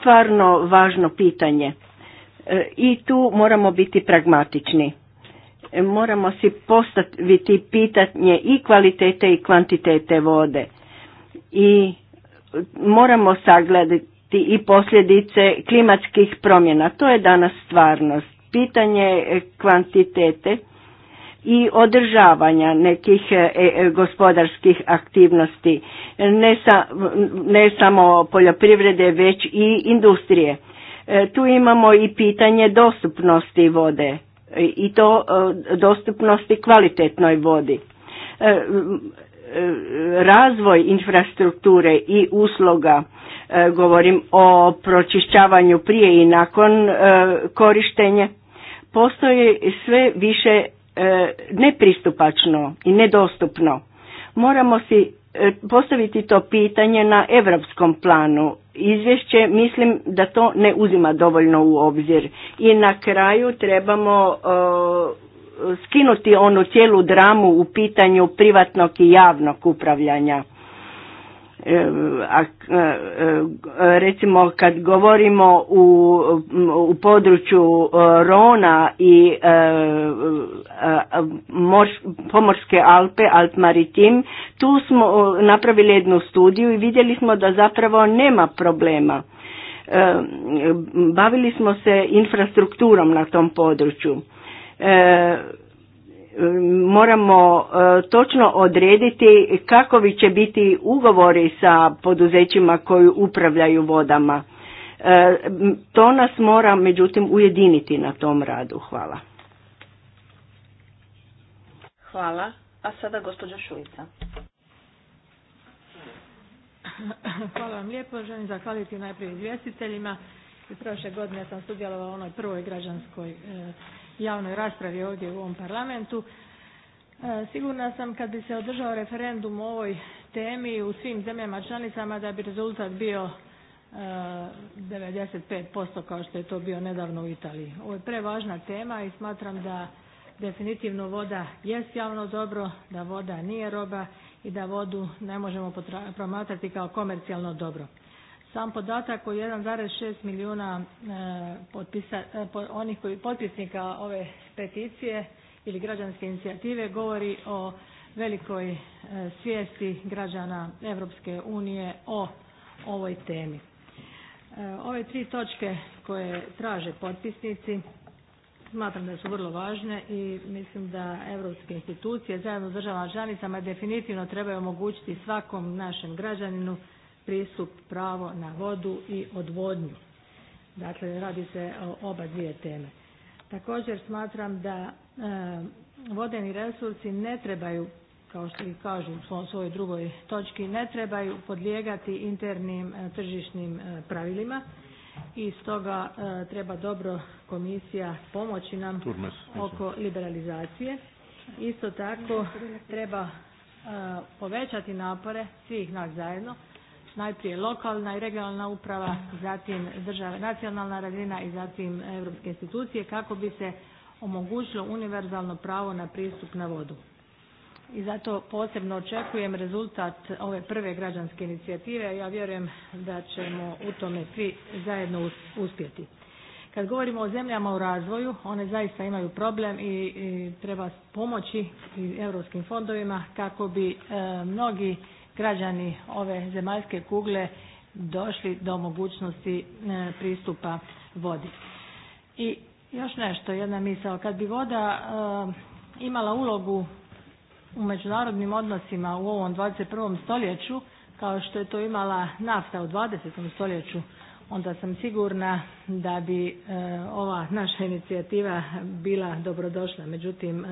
stvarno važno pitanje i tu moramo biti pragmatični. E, moramo si postaviti pitanje i kvalitete i kvantitete vode i moramo sagledati i posljedice klimatskih promjena. To je danas stvarnost. Pitanje kvantitete i održavanja nekih e, e, gospodarskih aktivnosti, ne, ne samo poljoprivrede već i industrije. Tu imamo i pitanje dostupnosti vode i to e, dostupnosti kvalitetnoj vodi. E, e, razvoj infrastrukture i usloga, govorim o pročišćavanju prije i nakon korištenje, postoje sve više nepristupačno i nedostupno. Moramo si postaviti to pitanje na europskom planu izvješće mislim da to ne uzima dovoljno u obzir i na kraju trebamo e, skinuti onu cijelu dramu u pitanju privatnog i javnog upravljanja a, recimo kad govorimo u, u području e, Rona i e, e, Pomorske Alpe, Alp Maritim, tu smo napravili jednu studiju i vidjeli smo da zapravo nema problema. bavili smo se infrastrukturom na tom području moramo e, točno odrediti kakovi će biti ugovori sa poduzećima koji upravljaju vodama. E, to nas mora međutim ujediniti na tom radu. Hvala. Hvala. A sada gospođa Šuljica. Hvala vam lijepo. Želim zahvaliti najprije izvjestiteljima. I prošle godine sam sudjelovala u onoj prvoj građanskoj e, javnoj raspravi ovdje u ovom parlamentu. E, sigurna sam kad bi se održao referendum o ovoj temi u svim zemljama članicama da bi rezultat bio 95% e, kao što je to bio nedavno u Italiji. Ovo je prevažna tema i smatram da definitivno voda jest javno dobro, da voda nije roba i da vodu ne možemo promatrati kao komercijalno dobro. Sam podatak o 1,6 milijuna e, potpisa, e, onih koji potpisnika ove peticije ili građanske inicijative govori o velikoj e, svijesti građana Europske unije o ovoj temi. Ove tri točke koje traže potpisnici smatram da su vrlo važne i mislim da europske institucije zajedno s državama članicama definitivno trebaju omogućiti svakom našem građaninu pristup, pravo na vodu i odvodnju. Dakle, radi se o oba dvije teme. Također smatram da e, vodeni resursi ne trebaju kao što i kažu u svojoj drugoj točki, ne trebaju podlijegati internim e, tržišnim e, pravilima i stoga treba dobro komisija pomoći nam oko liberalizacije. Isto tako treba povećati napore svih nas zajedno najprije lokalna i regionalna uprava, zatim država, nacionalna razina i zatim europske institucije kako bi se omogućilo univerzalno pravo na pristup na vodu. I zato posebno očekujem rezultat ove prve građanske inicijative. Ja vjerujem da ćemo u tome svi zajedno uspjeti. Kad govorimo o zemljama u razvoju, one zaista imaju problem i, treba pomoći i europskim fondovima kako bi e, mnogi građani ove zemaljske kugle došli do mogućnosti e, pristupa vodi. I još nešto, jedna misao. Kad bi voda e, imala ulogu u međunarodnim odnosima u ovom 21. stoljeću, kao što je to imala nafta u 20. stoljeću, onda sam sigurna da bi e, ova naša inicijativa bila dobrodošla. Međutim,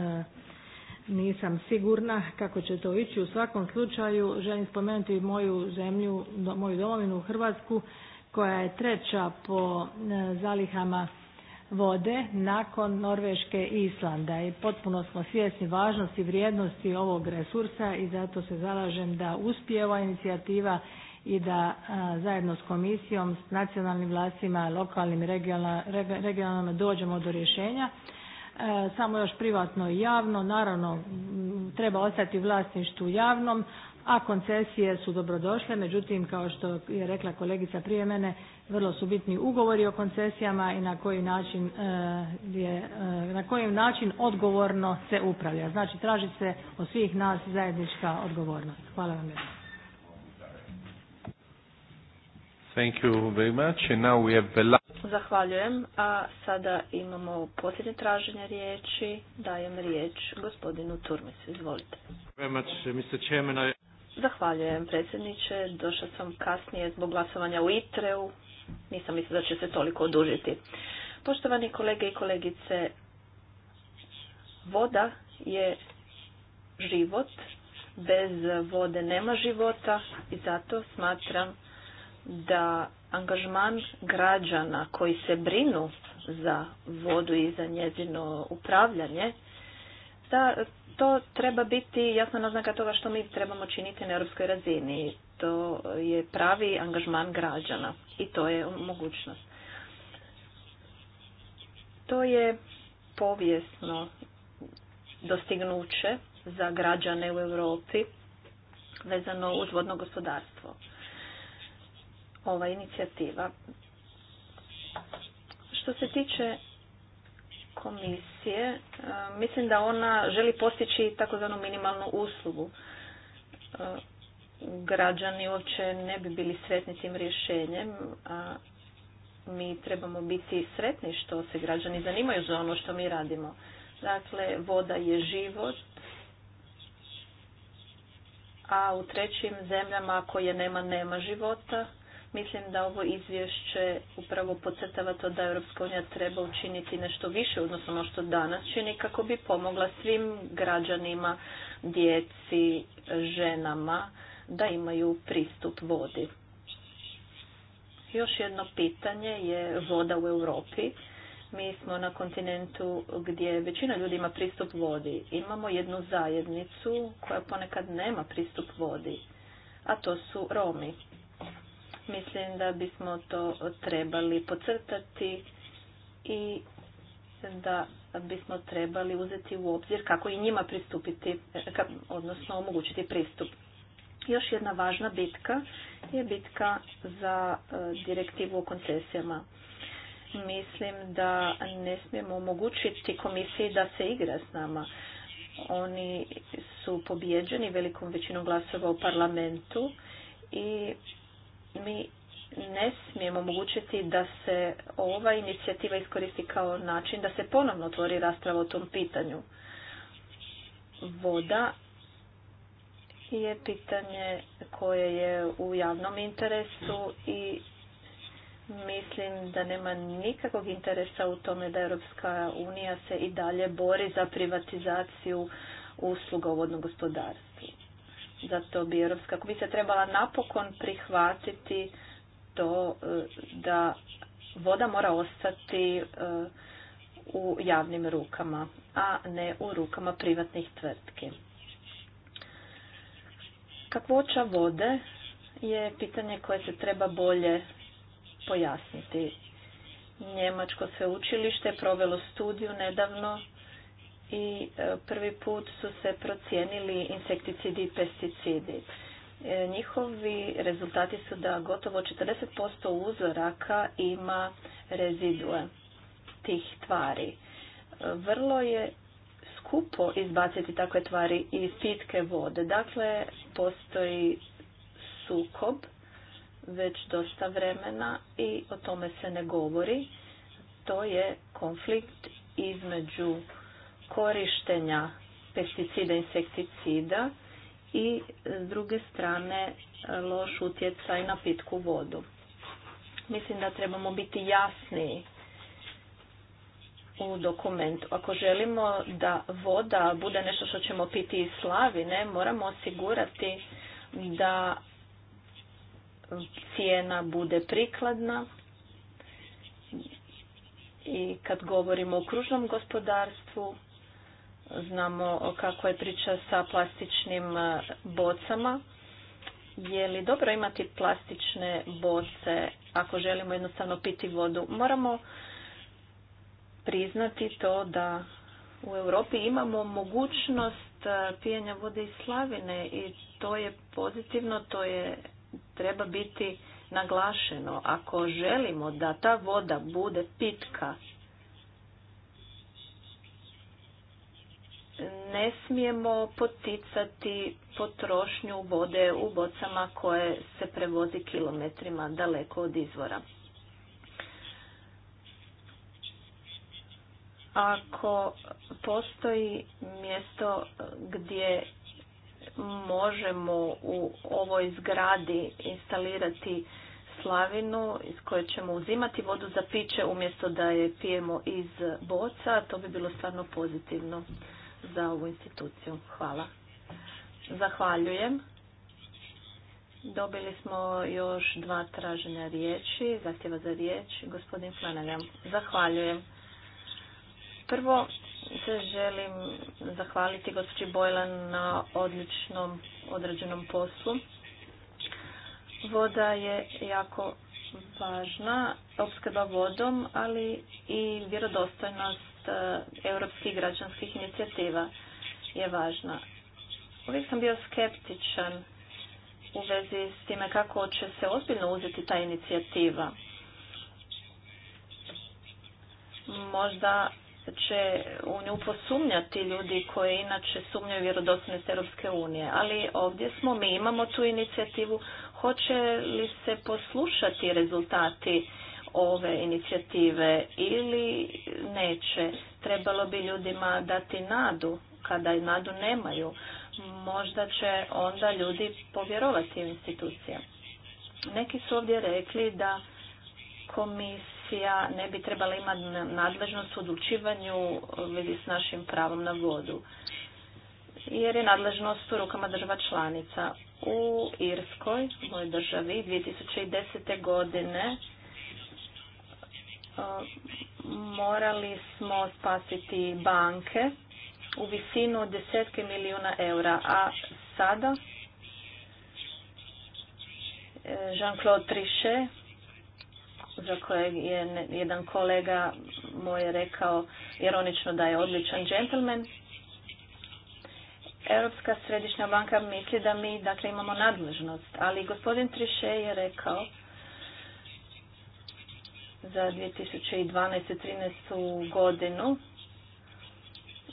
nisam sigurna kako će to ići. U svakom slučaju želim spomenuti moju zemlju, moju domovinu Hrvatsku koja je treća po e, zalihama vode nakon Norveške i Islanda i potpuno smo svjesni važnosti i vrijednosti ovog resursa i zato se zalažem da uspije ova inicijativa i da e, zajedno s komisijom, s nacionalnim vlastima, lokalnim i regionalnim dođemo do rješenja. E, samo još privatno i javno. Naravno treba ostati u vlasništvu javnom, a koncesije su dobrodošle, međutim kao što je rekla kolegica prije mene vrlo su bitni ugovori o koncesijama i na koji način e, je, e, na koji način odgovorno se upravlja. Znači traži se od svih nas zajednička odgovornost. Hvala vam Thank you And now we have Zahvaljujem. A sada imamo posljednje traženje riječi. Dajem riječ gospodinu Turmisu. Izvolite. Zahvaljujem predsjedniče. Došla sam kasnije zbog glasovanja u ITREU. Nisam mislila da će se toliko odužiti. Poštovani kolege i kolegice, voda je život. Bez vode nema života i zato smatram da angažman građana koji se brinu za vodu i za njezino upravljanje, da to treba biti jasna naznaka toga što mi trebamo činiti na europskoj razini. To je pravi angažman građana i to je mogućnost. To je povijesno dostignuće za građane u Europi vezano uz vodno gospodarstvo ova inicijativa. Što se tiče komisije, e, mislim da ona želi postići takozvanu minimalnu uslugu. E, građani uopće ne bi bili sretni tim rješenjem, a mi trebamo biti sretni što se građani zanimaju za ono što mi radimo. Dakle, voda je život, a u trećim zemljama koje nema, nema života, Mislim da ovo izvješće upravo podcrtava to da Europska unija treba učiniti nešto više, odnosno ono što danas čini, kako bi pomogla svim građanima, djeci, ženama da imaju pristup vodi. Još jedno pitanje je voda u Europi. Mi smo na kontinentu gdje većina ljudi ima pristup vodi. Imamo jednu zajednicu koja ponekad nema pristup vodi, a to su Romi. Mislim da bismo to trebali pocrtati i da bismo trebali uzeti u obzir kako i njima pristupiti, odnosno omogućiti pristup. Još jedna važna bitka je bitka za e, direktivu o koncesijama. Mislim da ne smijemo omogućiti komisiji da se igra s nama. Oni su pobjeđeni velikom većinom glasova u parlamentu i mi ne smijemo omogućiti da se ova inicijativa iskoristi kao način da se ponovno otvori rasprava o tom pitanju. Voda je pitanje koje je u javnom interesu i mislim da nema nikakvog interesa u tome da Europska unija se i dalje bori za privatizaciju usluga u gospodarstva. Zato bi Europska komisija trebala napokon prihvatiti to e, da voda mora ostati e, u javnim rukama, a ne u rukama privatnih tvrtki. Kakvoća vode je pitanje koje se treba bolje pojasniti. Njemačko sveučilište je provelo studiju nedavno i e, prvi put su se procijenili insekticidi i pesticidi. E, njihovi rezultati su da gotovo 40% uzoraka ima rezidue tih tvari. E, vrlo je skupo izbaciti takve tvari iz pitke vode. Dakle, postoji sukob već dosta vremena i o tome se ne govori. To je konflikt između korištenja pesticida i insekticida i e, s druge strane e, loš utjecaj na pitku vodu. Mislim da trebamo biti jasniji u dokumentu. Ako želimo da voda bude nešto što ćemo piti iz slavine, moramo osigurati da cijena bude prikladna i kad govorimo o kružnom gospodarstvu, Znamo kako je priča sa plastičnim e, bocama. Je li dobro imati plastične boce ako želimo jednostavno piti vodu? Moramo priznati to da u Europi imamo mogućnost e, pijenja vode iz slavine i to je pozitivno, to je treba biti naglašeno. Ako želimo da ta voda bude pitka ne smijemo poticati potrošnju vode u bocama koje se prevozi kilometrima daleko od izvora. Ako postoji mjesto gdje možemo u ovoj zgradi instalirati slavinu iz koje ćemo uzimati vodu za piće umjesto da je pijemo iz boca, to bi bilo stvarno pozitivno za ovu instituciju. Hvala. Zahvaljujem. Dobili smo još dva tražene riječi, zahtjeva za riječ, gospodin Flanagan. Zahvaljujem. Prvo se želim zahvaliti gospođi Bojlan na odličnom odrađenom poslu. Voda je jako važna, opskrba vodom, ali i vjerodostojnost E, europskih građanskih inicijativa je važna. Uvijek sam bio skeptičan u vezi s time kako će se ozbiljno uzeti ta inicijativa. Možda će u nju posumnjati ljudi koji inače sumnjaju vjerodostojnost Europske unije. Ali ovdje smo, mi imamo tu inicijativu. Hoće li se poslušati rezultati ove inicijative ili neće. Trebalo bi ljudima dati nadu kada i nadu nemaju. Možda će onda ljudi povjerovati u institucije. Neki su ovdje rekli da komisija ne bi trebala imati nadležnost u odlučivanju s našim pravom na vodu. Jer je nadležnost u rukama država članica. U Irskoj, u mojoj državi, 2010. godine morali smo spasiti banke u visinu desetke milijuna eura, a sada e, Jean-Claude Trichet, za kojeg je jedan kolega moj je rekao ironično da je odličan džentlmen, Europska središnja banka misli da mi dakle imamo nadležnost, ali gospodin Trichet je rekao za 2012-2013 godinu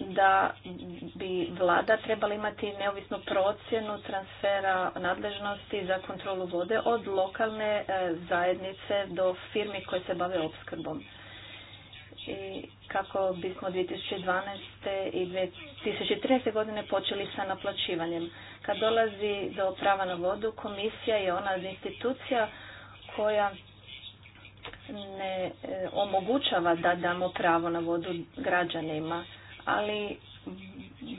da bi vlada trebala imati neovisnu procjenu transfera nadležnosti za kontrolu vode od lokalne e, zajednice do firmi koje se bave opskrbom. I kako bismo 2012. i 2013. godine počeli sa naplaćivanjem. Kad dolazi do prava na vodu, komisija je ona institucija koja ne e, omogućava da damo pravo na vodu građanima, ali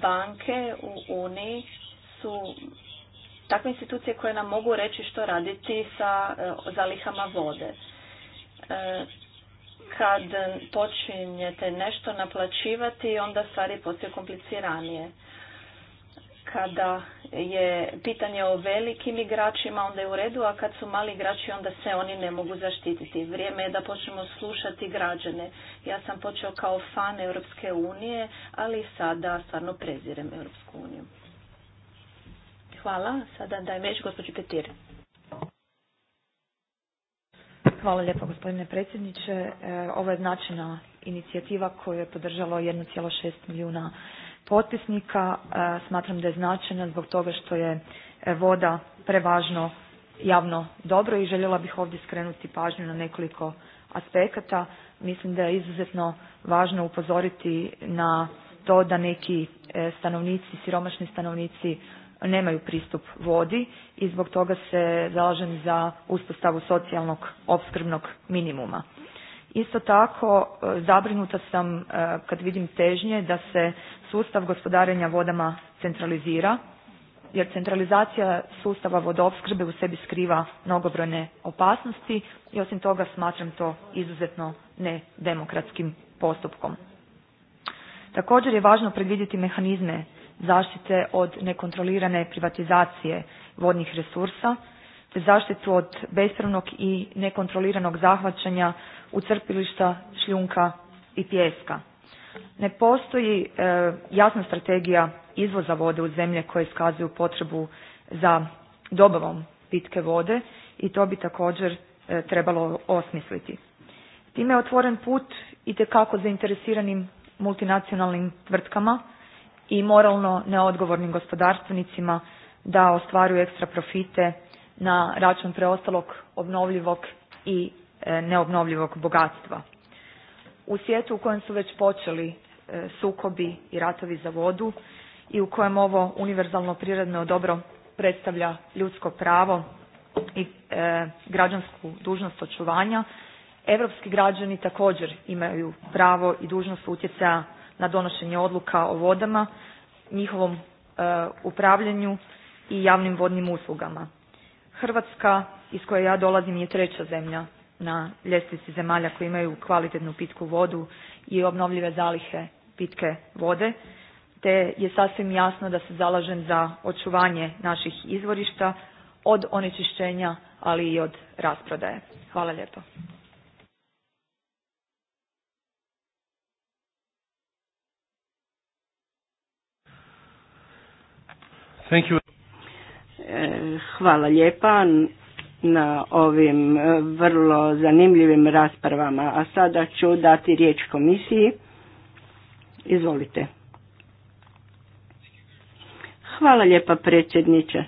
banke u Uniji su takve institucije koje nam mogu reći što raditi sa e, zalihama vode. E, kad počinjete nešto naplaćivati, onda stvari postaju kompliciranije kada je pitanje o velikim igračima, onda je u redu, a kad su mali igrači, onda se oni ne mogu zaštititi. Vrijeme je da počnemo slušati građane. Ja sam počeo kao fan Europske unije, ali sada stvarno prezirem Europsku uniju. Hvala. Sada dajem već gospođi Petir. Hvala lijepo gospodine predsjedniče. E, ovo je značajna inicijativa koju je podržalo 1,6 milijuna potpisnika. E, smatram da je značajna zbog toga što je e, voda prevažno javno dobro i željela bih ovdje skrenuti pažnju na nekoliko aspekata. Mislim da je izuzetno važno upozoriti na to da neki e, stanovnici, siromašni stanovnici nemaju pristup vodi i zbog toga se zalažem za uspostavu socijalnog opskrbnog minimuma. Isto tako e, zabrinuta sam e, kad vidim težnje da se sustav gospodarenja vodama centralizira jer centralizacija sustava vodoopskrbe u sebi skriva mnogobrojne opasnosti i osim toga smatram to izuzetno nedemokratskim postupkom. Također je važno predvidjeti mehanizme zaštite od nekontrolirane privatizacije vodnih resursa zaštitu od bespravnog i nekontroliranog zahvaćanja u crpilišta, šljunka i pijeska. Ne postoji e, jasna strategija izvoza vode u zemlje koje iskazuju potrebu za dobavom pitke vode i to bi također e, trebalo osmisliti. Time je otvoren put itekako zainteresiranim multinacionalnim tvrtkama i moralno neodgovornim gospodarstvenicima da ostvaruju ekstra profite na račun preostalog obnovljivog i e, neobnovljivog bogatstva. U svijetu u kojem su već počeli e, sukobi i ratovi za vodu i u kojem ovo univerzalno prirodno dobro predstavlja ljudsko pravo i e, građansku dužnost očuvanja, europski građani također imaju pravo i dužnost utjecaja na donošenje odluka o vodama, njihovom upravljanju i javnim vodnim uslugama. Hrvatska iz koje ja dolazim je treća zemlja na ljestvici zemalja koje imaju kvalitetnu pitku vodu i obnovljive zalihe pitke vode, te je sasvim jasno da se zalažem za očuvanje naših izvorišta od onečišćenja, ali i od rasprodaje. Hvala lijepo. Thank you. Hvala lijepa na ovim e, vrlo zanimljivim raspravama. A sada ću dati riječ komisiji. Izvolite. Hvala lijepa predsjedniče.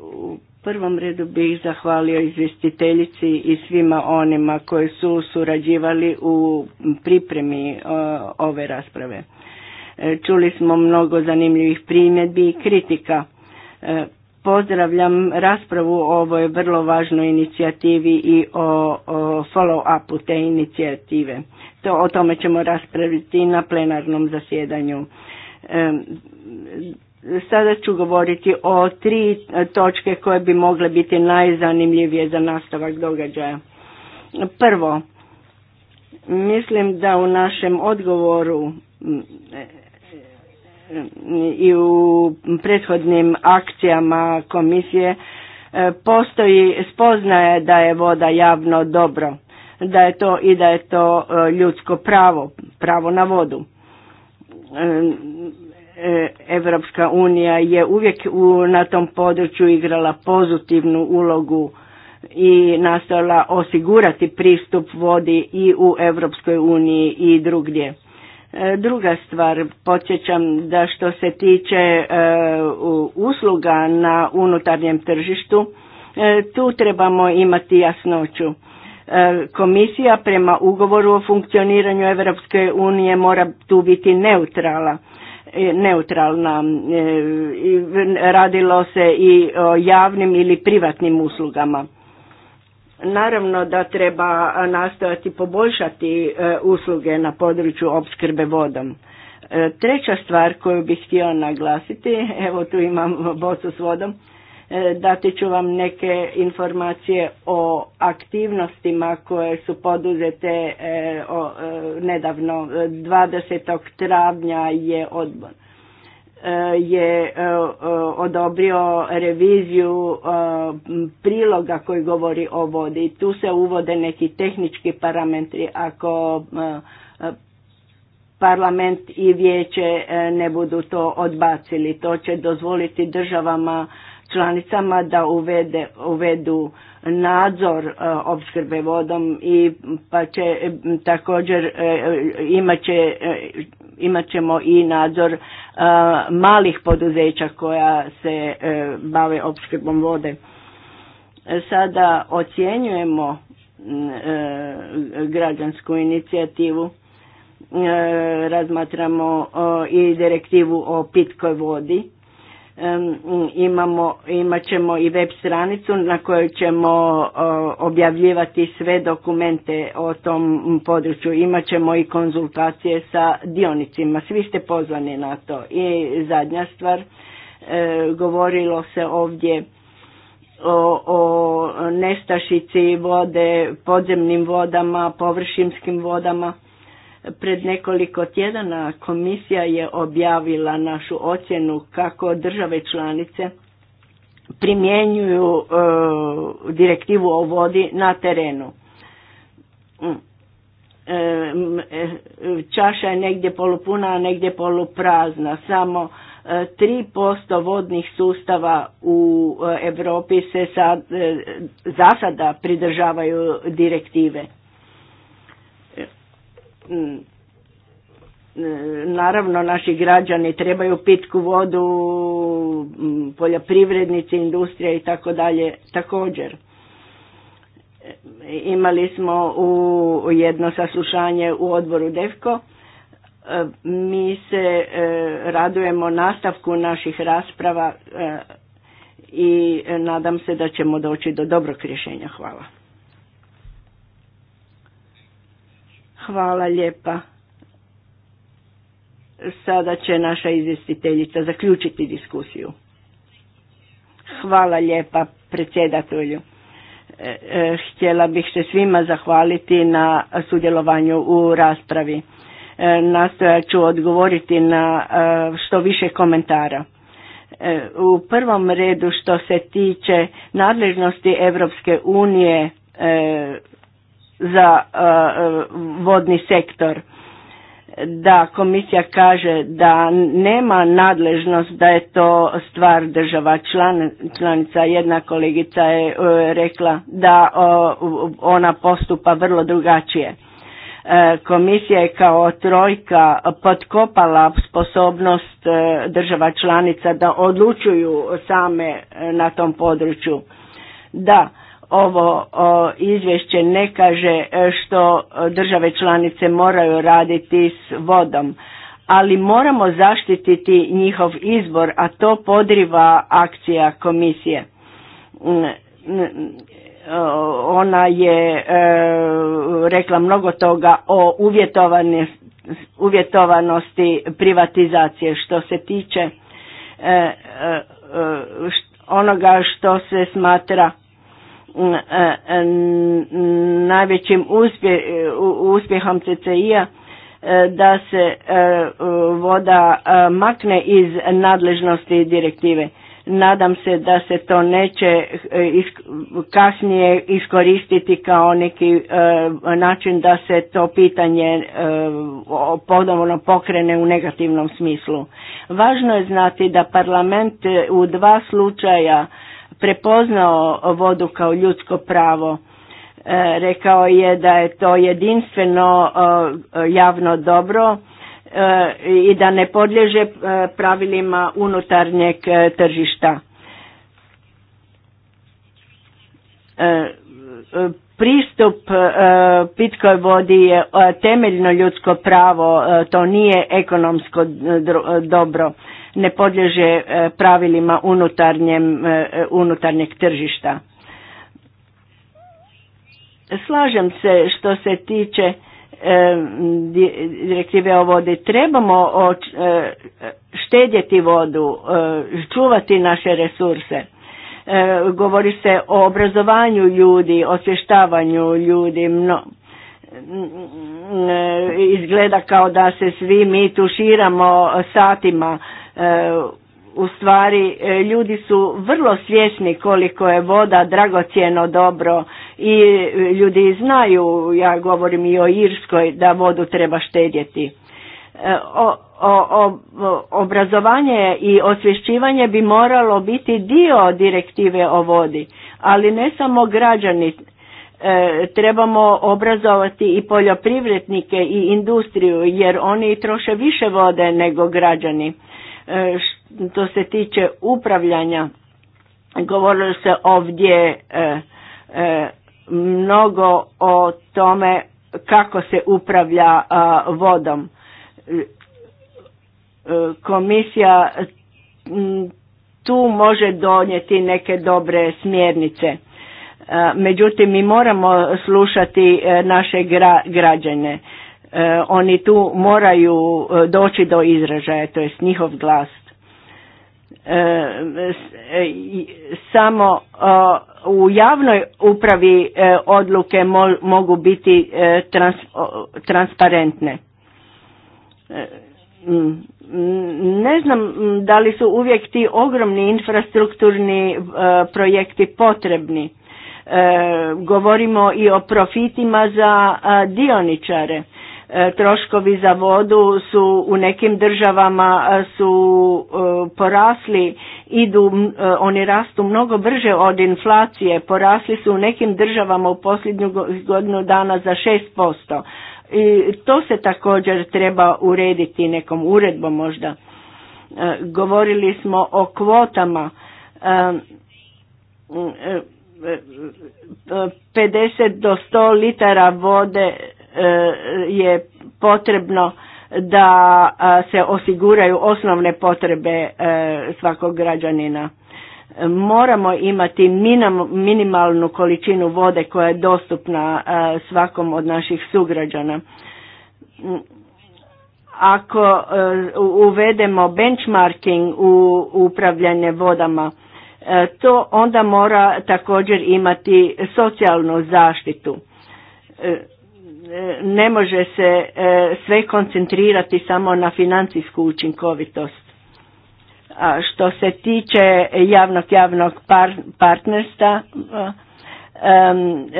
U prvom redu bih zahvalio izvjestiteljici i svima onima koji su surađivali u pripremi e, ove rasprave. E, čuli smo mnogo zanimljivih primjedbi i kritika. E, pozdravljam raspravu o ovoj vrlo važnoj inicijativi i o, follow-upu te inicijative. To, o tome ćemo raspraviti na plenarnom zasjedanju. E, sada ću govoriti o tri točke koje bi mogle biti najzanimljivije za nastavak događaja. Prvo, mislim da u našem odgovoru i u prethodnim akcijama komisije e, postoji spoznaje da je voda javno dobro, da je to i da je to e, ljudsko pravo, pravo na vodu. E, Evropska unija je uvijek na tom području igrala pozitivnu ulogu i nastojala osigurati pristup vodi i u Europskoj uniji i drugdje. E, druga stvar, podsjećam da što se tiče e, usluga na unutarnjem tržištu, e, tu trebamo imati jasnoću. Komisija prema ugovoru o funkcioniranju Europske unije mora tu biti neutrala neutralna. Radilo se i o javnim ili privatnim uslugama. Naravno da treba nastojati poboljšati e, usluge na području opskrbe vodom. E, treća stvar koju bih htio naglasiti, evo tu imam bocu s vodom, e, dati ću vam neke informacije o aktivnostima koje su poduzete nedavno. 20. travnja je odbor je e, e, odobrio reviziju e, priloga koji govori o vodi. Tu se uvode neki tehnički parametri ako parlament i vijeće ne budu to odbacili. To će dozvoliti državama članicama da uvede, uvedu nadzor opskrbe vodom i pa će također imat će imat ćemo i nadzor e, malih poduzeća koja se e, bave opskrbom vode. E, sada ocjenjujemo građansku inicijativu, razmatramo i direktivu o pitkoj vodi imamo, imat ćemo i web stranicu na kojoj ćemo objavljivati sve dokumente o tom području. Imat ćemo i konzultacije sa dionicima. Svi ste pozvani na to. I zadnja stvar, e, govorilo se ovdje o, o nestašici vode, podzemnim vodama, površinskim vodama Pred nekoliko tjedana komisija je objavila našu ocjenu kako države članice primjenjuju e, direktivu o vodi na terenu. Mm. E, e, čaša je negdje polupuna, a negdje poluprazna. Samo 3% vodnih sustava u Europi se sad, za sada pridržavaju direktive. Mm. E, naravno, naši građani trebaju pitku vodu, mm, poljoprivrednici, industrija i tako dalje također. E, imali smo u jedno saslušanje u odboru DEVKO. E, mi se radujemo nastavku naših rasprava i nadam se da ćemo doći do dobrog rješenja. Hvala. Hvala lijepa. Sada će naša izvjestiteljica zaključiti diskusiju. Hvala lijepa predsjedatelju. E, e, htjela bih se svima zahvaliti na sudjelovanju u raspravi. E, nastojat ću odgovoriti na e, što više komentara. U prvom redu što se tiče nadležnosti Europske unije za e, e, vodni sektor da komisija kaže da nema nadležnost da je to stvar država članica. Jedna kolegica je e, rekla da ona postupa vrlo drugačije. komisija je kao trojka potkopala sposobnost država članica da odlučuju same na tom području. Da, ovo izvješće ne kaže e, što države članice moraju raditi s vodom, ali moramo zaštititi njihov izbor, a to podriva akcija komisije. Ona je e, rekla mnogo toga o uvjetovanosti privatizacije što se tiče e, onoga što se smatra E, najvećim uspjehom CCI-a e, da se e, voda makne iz nadležnosti direktive. Nadam se da se to neće kasnije iskoristiti kao neki način da se to pitanje ponovno pokrene u negativnom smislu. Važno je znati da parlament u dva slučaja prepoznao vodu kao ljudsko pravo. E, rekao je da je to jedinstveno e, javno dobro e, i da ne podlježe pravilima unutarnjeg tržišta. Pristup pitkoj vodi je temeljno ljudsko pravo, to nije ekonomsko dobro ne podlježe e, pravilima e, e, unutarnjeg tržišta. Slažem se što se tiče direktive o vodi. Trebamo štedjeti vodu, čuvati naše resurse. Govori se o obrazovanju ljudi, osvještavanju ljudi. izgleda kao da se svi mi tuširamo satima E, u stvari e, ljudi su vrlo svjesni koliko je voda dragocjeno dobro i e, ljudi znaju, ja govorim i o Irskoj, da vodu treba štedjeti. O, o, obrazovanje i osvješćivanje bi moralo biti dio direktive o vodi, ali ne samo građani, trebamo obrazovati i poljoprivrednike i industriju jer oni troše više vode nego građani E, Što se tiče upravljanja, govorilo se ovdje e, e, mnogo o tome kako se upravlja vodom. Komisija tu može donijeti neke dobre smjernice. Međutim, mi moramo slušati naše građane. E, oni tu moraju e, doći do izražaja, to je njihov glas. E, samo u javnoj upravi odluke mogu biti transparentne. Ne znam da li su uvijek ti ogromni infrastrukturni projekti potrebni. Govorimo i o profitima za dioničare. E, troškovi za vodu su u nekim državama e, su e, porasli, idu, oni rastu mnogo brže od inflacije, porasli su u nekim državama u posljednju godinu dana za 6%. I to se također treba urediti nekom uredbom možda. Govorili smo o kvotama. 50 do 100 litara vode E, je potrebno da se osiguraju osnovne potrebe e, svakog građanina. Moramo imati minimalnu količinu vode koja je dostupna svakom od naših sugrađana. Ako e, uvedemo benchmarking u upravljanje vodama, to onda mora također imati socijalnu zaštitu ne može se e, sve koncentrirati samo na financijsku učinkovitost. A što se tiče javnog javnog partnerstva, e,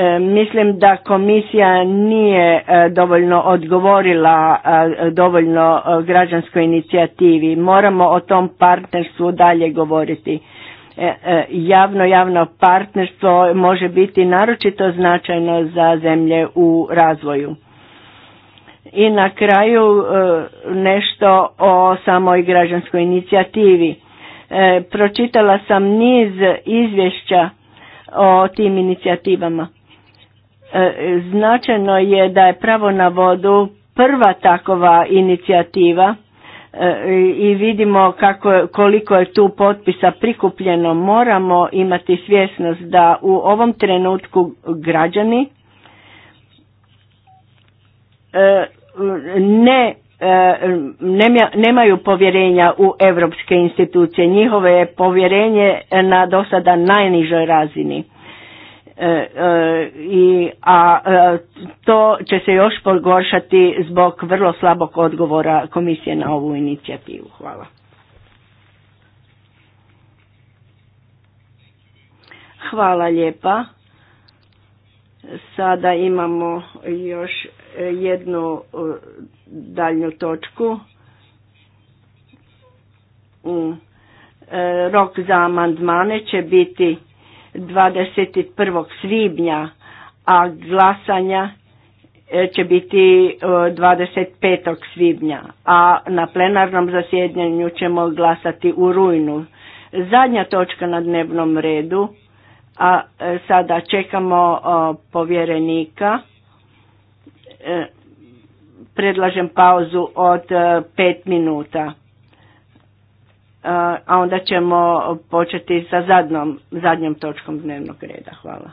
e, mislim da komisija nije dovoljno odgovorila dovoljno građanskoj inicijativi. Moramo o tom partnerstvu dalje govoriti javno-javno e, e, partnerstvo može biti naročito značajno za zemlje u razvoju. I na kraju e, nešto o samoj građanskoj inicijativi. Pročitala sam niz izvješća o tim inicijativama. Značajno je da je pravo na vodu prva takova inicijativa E, i vidimo kako, koliko je tu potpisa prikupljeno, moramo imati svjesnost da u ovom trenutku građani e, ne, e, ne nemaju povjerenja u europske institucije. Njihove je povjerenje na dosada najnižoj razini. E, e, i a e, to će se još pogoršati zbog vrlo slabog odgovora komisije na ovu inicijativu. Hvala. Hvala lijepa. Sada imamo još jednu daljnju točku. Mm. Rok za amandmane će biti 21. svibnja, a glasanja e, će biti 25. E, svibnja, a na plenarnom zasjedanju ćemo glasati u rujnu. Zadnja točka na dnevnom redu, a e, sada čekamo povjerenika. Predlažem pauzu od pet minuta a onda ćemo početi sa zadnom, zadnjom točkom dnevnog reda. Hvala.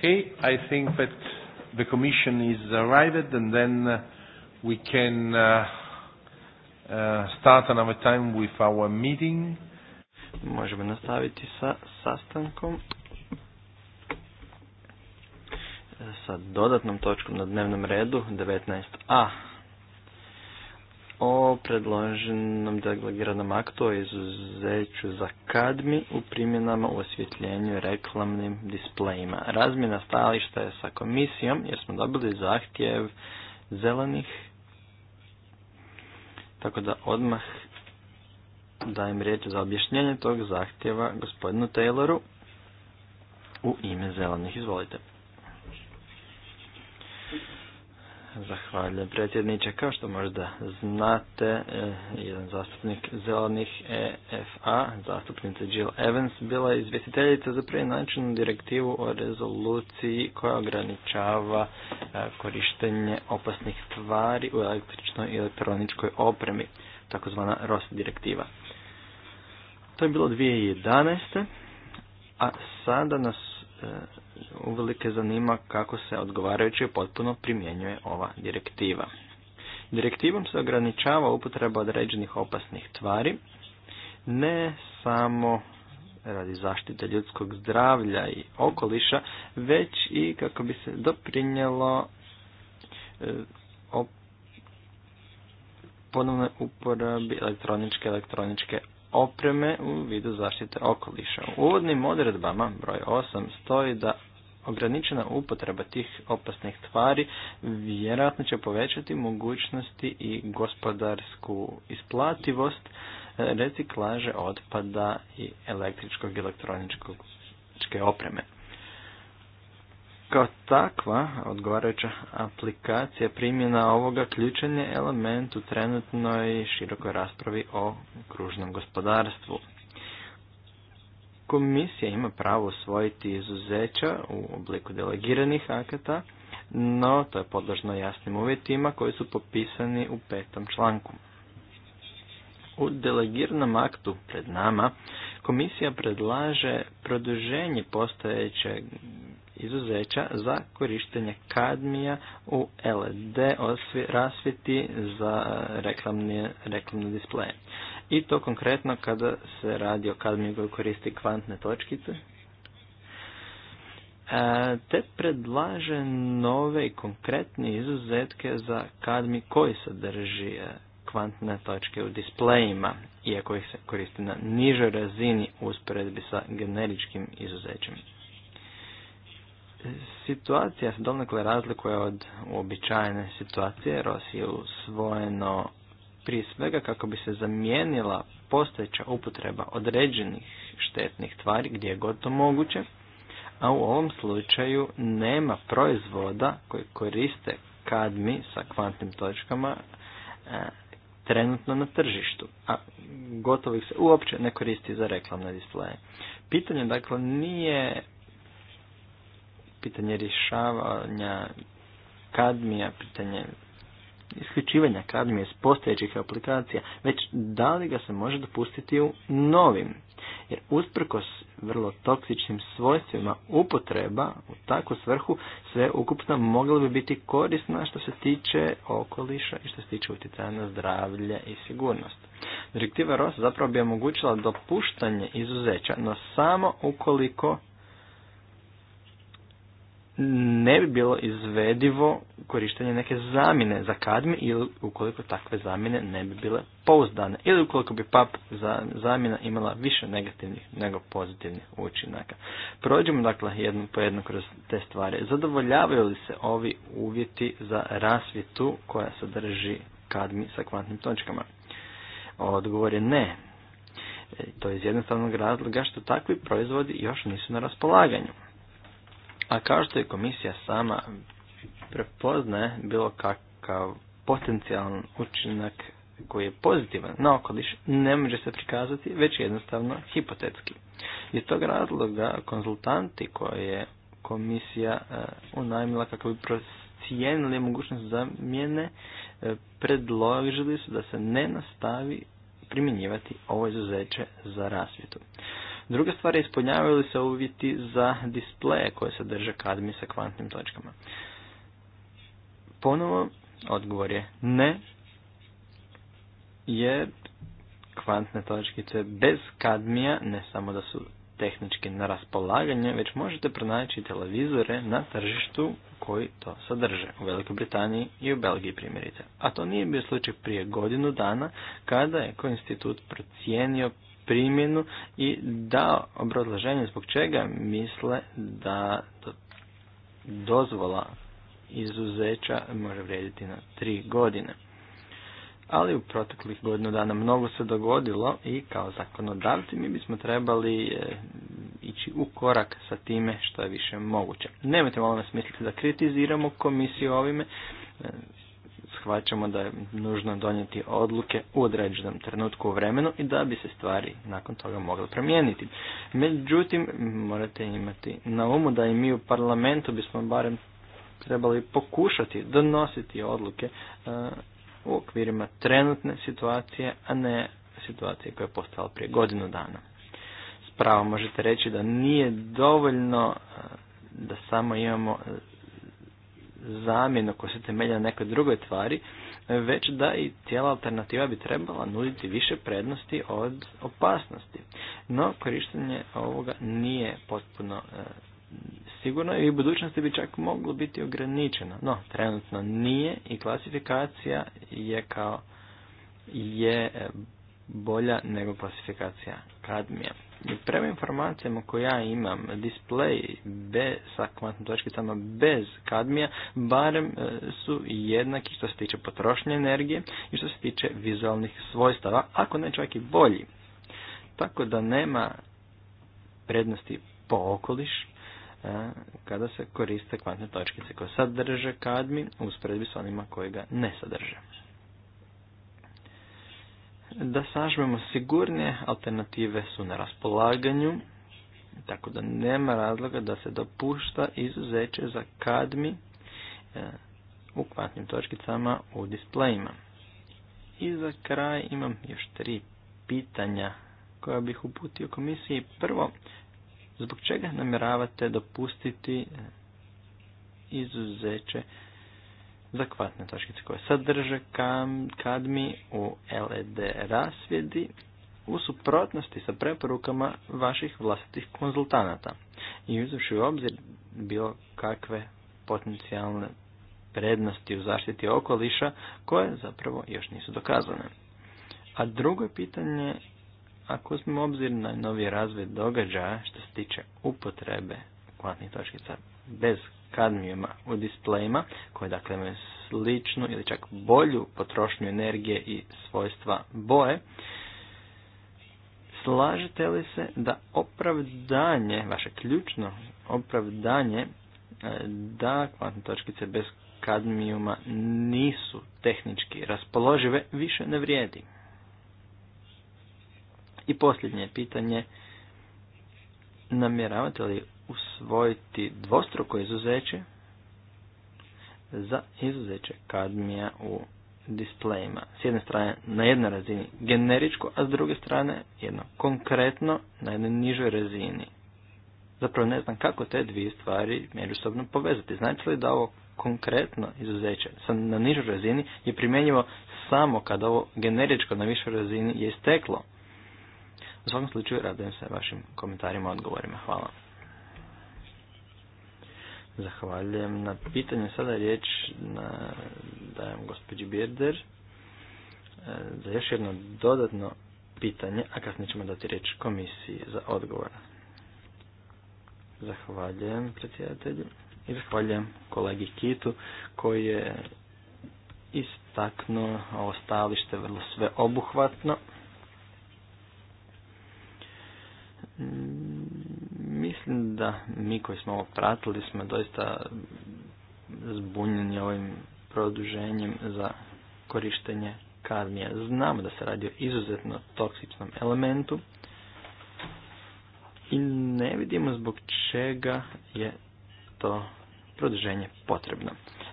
Okay, I think that the Commission is arrived and then uh, we can uh, uh, start another time with our meeting. Možemo nastaviti sa sastankom e, sa dodatnom točkom na dnevnom redu 19a o predloženom delegiranom aktu o izuzeću za kadmi u primjenama u osvjetljenju reklamnim displejima. Razmjena stajališta je sa komisijom jer smo dobili zahtjev zelenih, tako da odmah dajem riječ za objašnjenje tog zahtjeva gospodinu Tayloru u ime zelenih. Izvolite. Zahvaljujem predsjedniče. Kao što možda znate, e, jedan zastupnik zelenih EFA, zastupnica Jill Evans, bila je izvjestiteljica za način direktivu o rezoluciji koja ograničava e, korištenje opasnih tvari u električnoj i elektroničkoj opremi, takozvana ROS direktiva. To je bilo 2011. A sada nas e, uvelike zanima kako se odgovarajuće potpuno primjenjuje ova direktiva. Direktivom se ograničava upotreba određenih opasnih tvari, ne samo radi zaštite ljudskog zdravlja i okoliša, već i kako bi se doprinjelo e, ponovne uporabi elektroničke elektroničke opreme u vidu zaštite okoliša. U uvodnim odredbama broj 8 stoji da ograničena upotreba tih opasnih tvari vjerojatno će povećati mogućnosti i gospodarsku isplativost e, reciklaže otpada i električkog i elektroničke opreme. Kao takva, odgovarajuća aplikacija primjena ovoga ključan je element u trenutnoj širokoj raspravi o kružnom gospodarstvu. Komisija ima pravo usvojiti izuzeća u obliku delegiranih akata, no to je podložno jasnim uvjetima koji su popisani u petom članku. U delegiranom aktu pred nama komisija predlaže produženje postojećeg izuzeća za korištenje kadmija u LED rasvjeti za reklamne, reklamne displeje. I to konkretno kada se radi o kadmiju koji koristi kvantne točkice. E, te predlaže nove i konkretne izuzetke za kadmi koji sadrži e, kvantne točke u displejima, iako ih se koristi na nižoj razini usporedbi sa generičkim izuzećem. Situacija se donekle razlikuje od uobičajene situacije, jer je usvojeno prije svega kako bi se zamijenila postojeća upotreba određenih štetnih tvari gdje je gotovo moguće, a u ovom slučaju nema proizvoda koji koriste kadmi sa kvantnim točkama e, trenutno na tržištu, a gotovo ih se uopće ne koristi za reklamne displeje. Pitanje dakle nije pitanje rješavanja kadmija, pitanje isključivanja kadmije iz postojećih aplikacija, već da li ga se može dopustiti u novim. Jer usprkos vrlo toksičnim svojstvima upotreba u takvu svrhu sve ukupno moglo bi biti korisna što se tiče okoliša i što se tiče utjecaja na zdravlje i sigurnost. Direktiva ROS zapravo bi omogućila dopuštanje izuzeća, no samo ukoliko ne bi bilo izvedivo korištenje neke zamjene za kadmi ili ukoliko takve zamjene ne bi bile pouzdane ili ukoliko bi PAP zamjena imala više negativnih nego pozitivnih učinaka. Prođemo dakle jednu po jedno kroz te stvari. Zadovoljavaju li se ovi uvjeti za rasvjetu koja sadrži kadmi sa kvantnim točkama? Odgovor je ne. E, to je iz jednostavnog razloga što takvi proizvodi još nisu na raspolaganju. A kao što je komisija sama prepoznaje bilo kakav potencijalan učinak koji je pozitivan na okoliš ne može se prikazati već jednostavno hipotetski. Iz tog razloga konzultanti koje je komisija e, unajmila kako bi procijenili mogućnost zamjene e, predložili su da se ne nastavi primjenjivati ovo izuzeće za rasvjetu. Druga stvar je ispunjavaju li se uvjeti za displeje koje sadrže kadmi sa kvantnim točkama. Ponovo, odgovor je ne, jer kvantne točkice bez kadmija ne samo da su tehnički na raspolaganje, već možete pronaći televizore na tržištu koji to sadrže, u Velikoj Britaniji i u Belgiji primjerice. A to nije bio slučaj prije godinu dana, kada je ko institut procijenio primjenu i da obrazloženje zbog čega misle da dozvola izuzeća može vrijediti na tri godine. Ali u proteklih godinu dana mnogo se dogodilo i kao zakonodavci mi bismo trebali e, ići u korak sa time što je više moguće. Nemojte malo nas misliti da kritiziramo komisiju ovime, e, shvaćamo da je nužno donijeti odluke u određenom trenutku u vremenu i da bi se stvari nakon toga mogle promijeniti. Međutim, morate imati na umu da i mi u parlamentu bismo barem trebali pokušati donositi odluke e, u okvirima trenutne situacije, a ne situacije koja je postala prije godinu dana. Spravo možete reći da nije dovoljno e, da samo imamo zamjenu koja se temelja na nekoj drugoj tvari, već da i cijela alternativa bi trebala nuditi više prednosti od opasnosti. No, korištenje ovoga nije potpuno e, sigurno i u budućnosti bi čak moglo biti ograničeno. No, trenutno nije i klasifikacija je kao je e, bolja nego klasifikacija kadmija. Prema informacijama koje ja imam, display be sa kvantnim točkicama bez kadmija barem e, su jednaki što se tiče potrošnje energije i što se tiče vizualnih svojstava, ako ne čak i bolji. Tako da nema prednosti po okoliš e, kada se koriste kvantne točkice koje sadrže kadmi u usporedbi s onima koje ga ne sadrže. Da sažmemo sigurnije, alternative su na raspolaganju, tako da nema razloga da se dopušta izuzeće za kadmi e, u kvatnim točkicama u displejima. I za kraj imam još tri pitanja koja bih uputio komisiji. Prvo, zbog čega namjeravate dopustiti e, izuzeće za kvatne točkice koje sadrže kadmi u LED rasvjedi u suprotnosti sa preporukama vaših vlastitih konzultanata i uzuši u obzir bilo kakve potencijalne prednosti u zaštiti okoliša koje zapravo još nisu dokazane. A drugo pitanje, ako smo obzir na novi razvoj događaja što se tiče upotrebe kvatnih točkica bez kadmijuma u displejima, koje dakle imaju sličnu ili čak bolju potrošnju energije i svojstva boje, slažete li se da opravdanje, vaše ključno opravdanje, e, da kvantne točkice bez kadmijuma nisu tehnički raspoložive, više ne vrijedi? I posljednje pitanje, namjeravate li usvojiti dvostruko izuzeće za izuzeće kadmija u displejima. S jedne strane na jednoj razini generičko, a s druge strane jedno konkretno na jednoj nižoj razini. Zapravo ne znam kako te dvije stvari međusobno povezati. Znači li da ovo konkretno izuzeće na nižoj razini je primjenjivo samo kada ovo generičko na višoj razini je isteklo? U svakom slučaju radujem se vašim komentarima i odgovorima. Hvala. Zahvaljujem na pitanju. Sada je riječ na, dajem gospođi Birder e, za još jedno dodatno pitanje, a kasnije ćemo dati riječ komisiji za odgovor. Zahvaljujem predsjedatelju i zahvaljujem kolegi Kitu koji je istaknuo ovo stajalište vrlo sveobuhvatno. da mi koji smo ovo pratili smo doista zbunjeni ovim produženjem za korištenje karmije. Znamo da se radi o izuzetno toksičnom elementu i ne vidimo zbog čega je to produženje potrebno.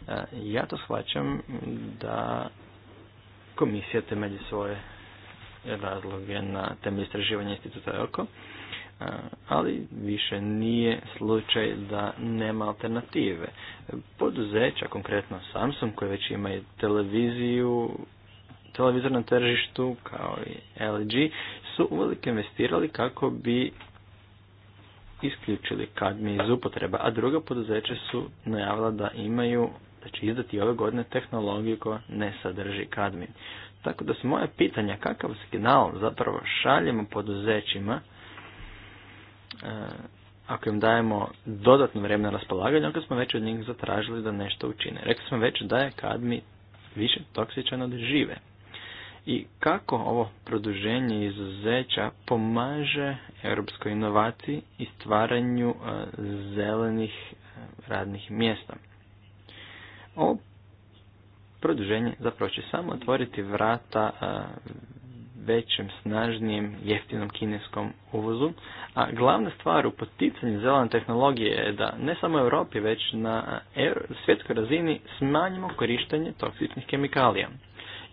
E, ja to shvaćam da komisija temelji svoje razloge na temelju istraživanja instituta EOKO ali više nije slučaj da nema alternative. Poduzeća, konkretno Samsung koji već ima i televiziju, televizor na tržištu kao i LG su uvelike investirali kako bi isključili kadmi iz upotreba, a druga poduzeća su najavila da imaju, da će izdati ove godine tehnologiju koja ne sadrži kadmi. Tako da su moje pitanja kakav signal zapravo šaljemo poduzećima E, ako im dajemo dodatno vrijeme na raspolaganje, onda smo već od njih zatražili da nešto učine. Rekli smo već da je kadmi više toksičan od žive. I kako ovo produženje izuzeća pomaže europskoj inovaciji i stvaranju e, zelenih e, radnih mjesta? Ovo produženje zapravo će samo otvoriti vrata većem, snažnijem, jeftinom kineskom uvozu. A glavna stvar u poticanju zelene tehnologije je da ne samo u Europi, već na e, svjetskoj razini smanjimo korištenje toksičnih kemikalija.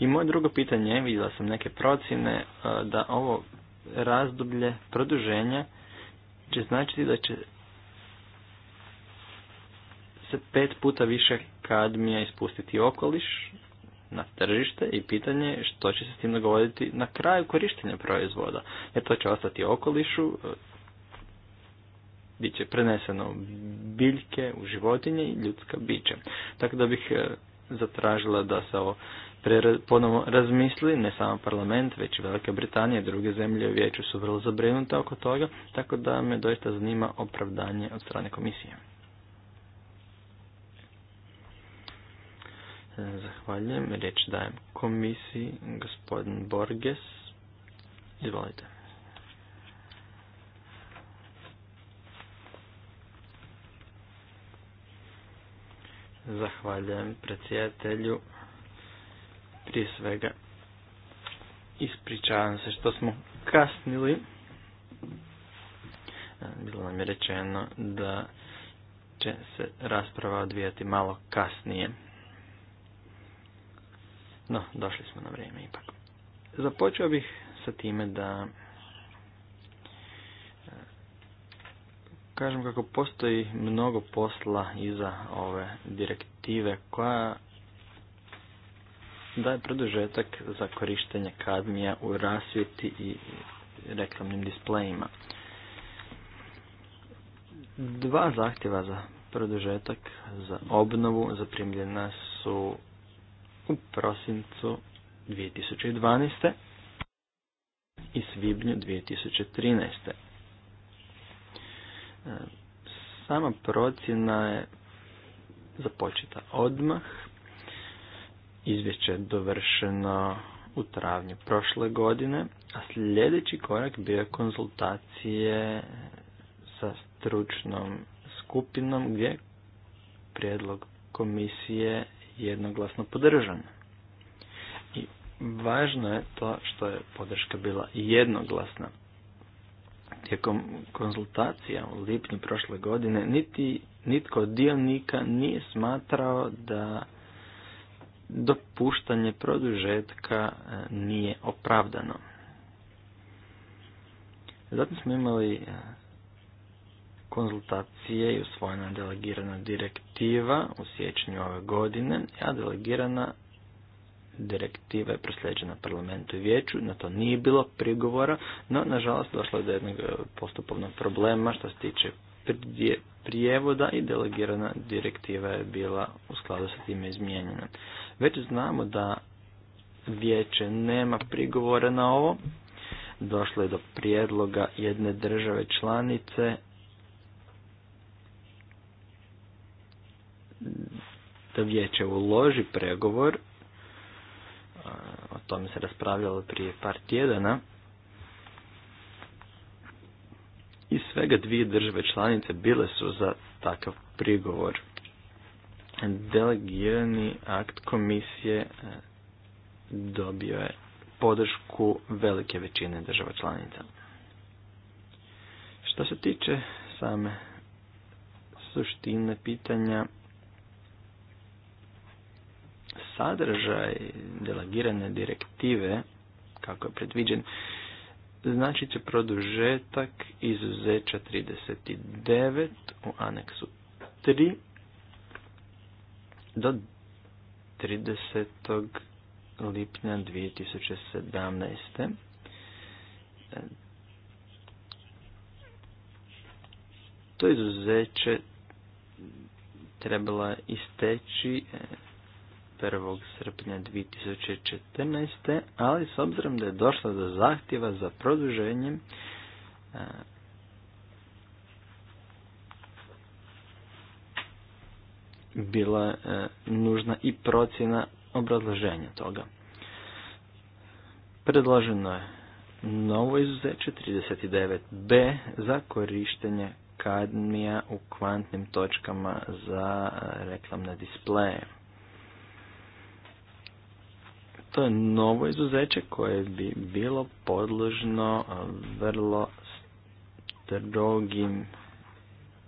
I moje drugo pitanje vidjela sam neke procjene e, da ovo razdoblje produženja će značiti da će se pet puta više kadmija ispustiti okoliš na tržište i pitanje je što će se s tim dogoditi na kraju korištenja proizvoda. Jer to će ostati okolišu, e, bit će preneseno biljke, u životinje i ljudska bića. Tako da bih e, zatražila da se ovo ponovno razmisli, ne samo parlament, već i Velika Britanija i druge zemlje u vijeću su vrlo zabrinute oko toga, tako da me doista zanima opravdanje od strane komisije. Zahvaljujem. Riječ dajem komisiji, gospodin Borges. Izvolite. Zahvaljujem predsjedatelju. Prije svega ispričavam se što smo kasnili. Bilo nam je rečeno da će se rasprava odvijati malo kasnije. No, došli smo na vrijeme ipak. Započeo bih sa time da e, kažem kako postoji mnogo posla iza ove direktive koja daje produžetak za korištenje kadmija u rasvjeti i reklamnim displejima. Dva zahtjeva za produžetak za obnovu zaprimljena su u prosincu 2012. i svibnju 2013. E, sama procjena je započeta odmah. Izvješće je dovršeno u travnju prošle godine, a sljedeći korak bio je konzultacije sa stručnom skupinom gdje prijedlog komisije jednoglasno podržan. I važno je to što je podrška bila jednoglasna. Tijekom konzultacija u lipnju prošle godine niti nitko od dionika nije smatrao da dopuštanje produžetka e, nije opravdano. Zatim smo imali e, konzultacije i usvojena delegirana direktiva u sjećanju ove godine, a delegirana direktiva je prosljeđena parlamentu i vijeću, na to nije bilo prigovora, no nažalost došlo je do jednog e, postupovnog problema što se tiče prijevoda i delegirana direktiva je bila u skladu sa time izmijenjena. Već znamo da vijeće nema prigovora na ovo, došlo je do prijedloga jedne države članice da vijeće uloži pregovor, o tome se raspravljalo prije par tjedana, i svega dvije države članice bile su za takav prigovor. Delegirani akt komisije e, dobio je podršku velike većine država članica. Što se tiče same suštine pitanja, sadržaj delegirane direktive, kako je predviđen, znači će produžetak izuzeća 39 u aneksu 3 do 30. lipnja 2017. To izuzeće trebala isteći 1. srpnja 2014. ali s obzirom da je došla do zahtjeva za produženjem e, bila je nužna i procjena obrazloženja toga. Predloženo je novo izuzeće 39b za korištenje kadmija u kvantnim točkama za e, reklamne displeje to je novo izuzeće koje bi bilo podložno vrlo drogim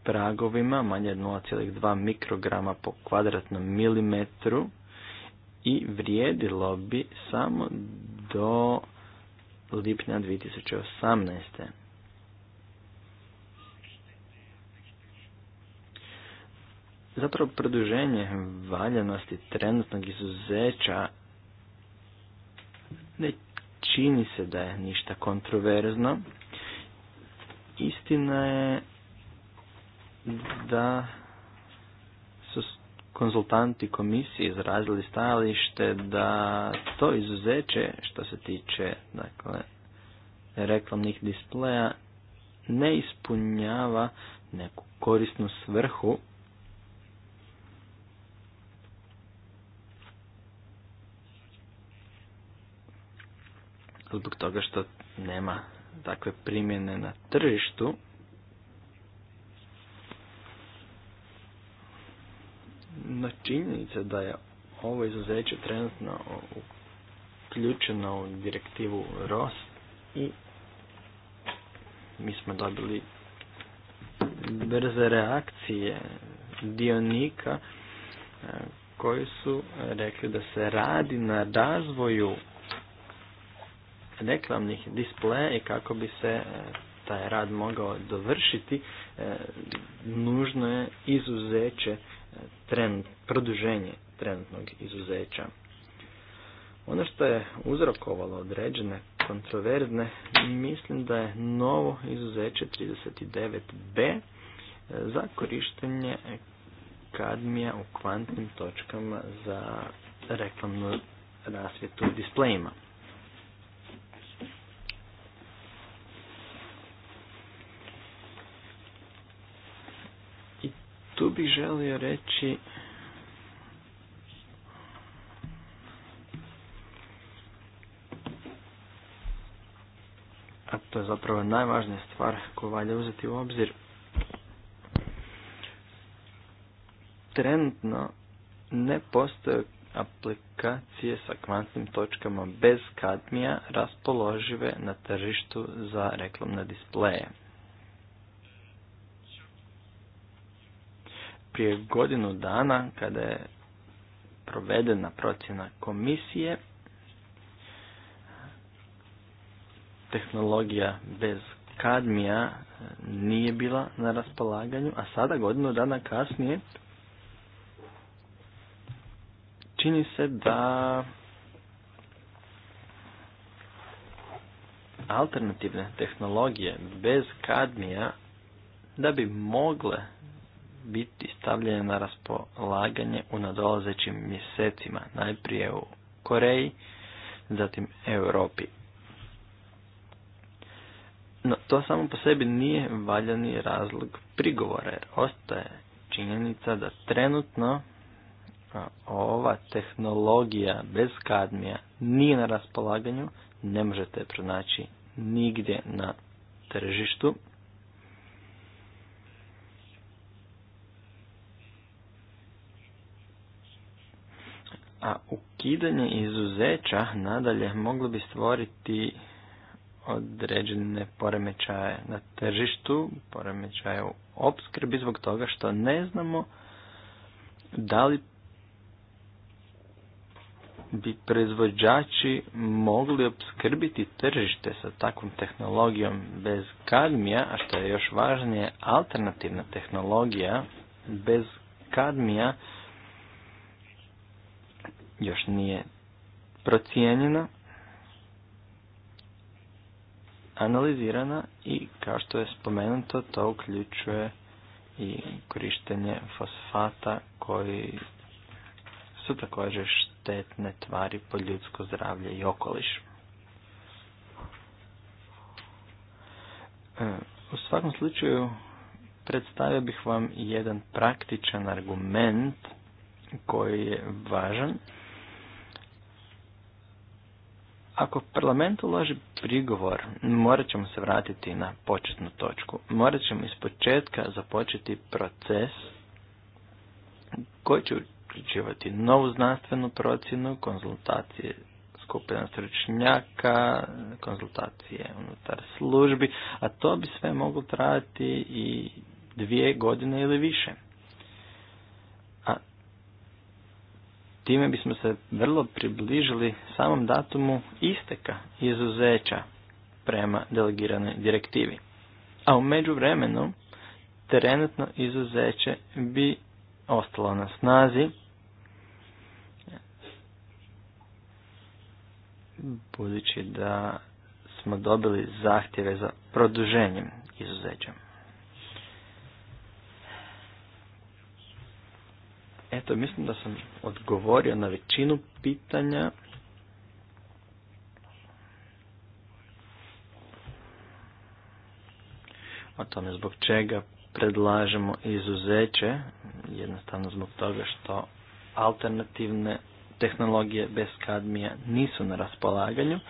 pragovima, manje od 0,2 mikrograma po kvadratnom milimetru i vrijedilo bi samo do lipnja 2018. Zapravo produženje valjanosti trenutnog izuzeća ne čini se da je ništa kontroverzno. Istina je da su konzultanti komisije izrazili stajalište da to izuzeće što se tiče dakle, reklamnih displeja ne ispunjava neku korisnu svrhu Dakle, zbog toga što nema takve primjene na tržištu. na činjenica da je ovo izuzeće trenutno uključeno u direktivu ROS i mi smo dobili brze reakcije dionika eh, koji su rekli da se radi na razvoju reklamnih displeja i kako bi se e, taj rad mogao dovršiti, e, nužno je izuzeće, e, trend, produženje trenutnog izuzeća. Ono što je uzrokovalo određene kontroverzne, mislim da je novo izuzeće 39b za korištenje kadmija u kvantnim točkama za reklamnu rasvjetu u displejima. Tu bih želio reći a to je zapravo najvažnija stvar koju valja uzeti u obzir. Trenutno ne postoje aplikacije sa kvantnim točkama bez kadmija raspoložive na tržištu za reklamne displeje. prije godinu dana kada je provedena procjena komisije tehnologija bez kadmija e, nije bila na raspolaganju, a sada godinu dana kasnije čini se da alternativne tehnologije bez kadmija da bi mogle biti stavljene na raspolaganje u nadolazećim mjesecima, najprije u Koreji, zatim Europi. No, to samo po sebi nije valjani razlog prigovora, ostaje činjenica da trenutno ova tehnologija bez kadmija nije na raspolaganju, ne možete pronaći nigdje na tržištu, A ukidanje izuzeća nadalje moglo bi stvoriti određene poremećaje na tržištu, poremećaje u opskrbi zbog toga što ne znamo da li bi proizvođači mogli opskrbiti tržište sa takvom tehnologijom bez kadmija, a što je još važnije alternativna tehnologija bez kadmija još nije procijenjena, analizirana i kao što je spomenuto to uključuje i korištenje fosfata koji su također štetne tvari po ljudsko zdravlje i okoliš. E, u svakom slučaju predstavio bih vam jedan praktičan argument koji je važan ako parlament uloži prigovor, morat ćemo se vratiti na početnu točku. Morat ćemo iz početka započeti proces koji će uključivati novu znanstvenu procjenu, konzultacije skupina stručnjaka, konzultacije unutar službi, a to bi sve moglo trajati i dvije godine ili više. Time bismo se vrlo približili samom datumu isteka izuzeća prema delegiranoj direktivi. A u međuvremenu trenutno izuzeće bi ostalo na snazi budući da smo dobili zahtjeve za produženjem izuzeća. Eto, mislim da sam odgovorio na većinu pitanja. O tome zbog čega predlažemo izuzeće, jednostavno zbog toga što alternativne tehnologije bez kadmija nisu na raspolaganju.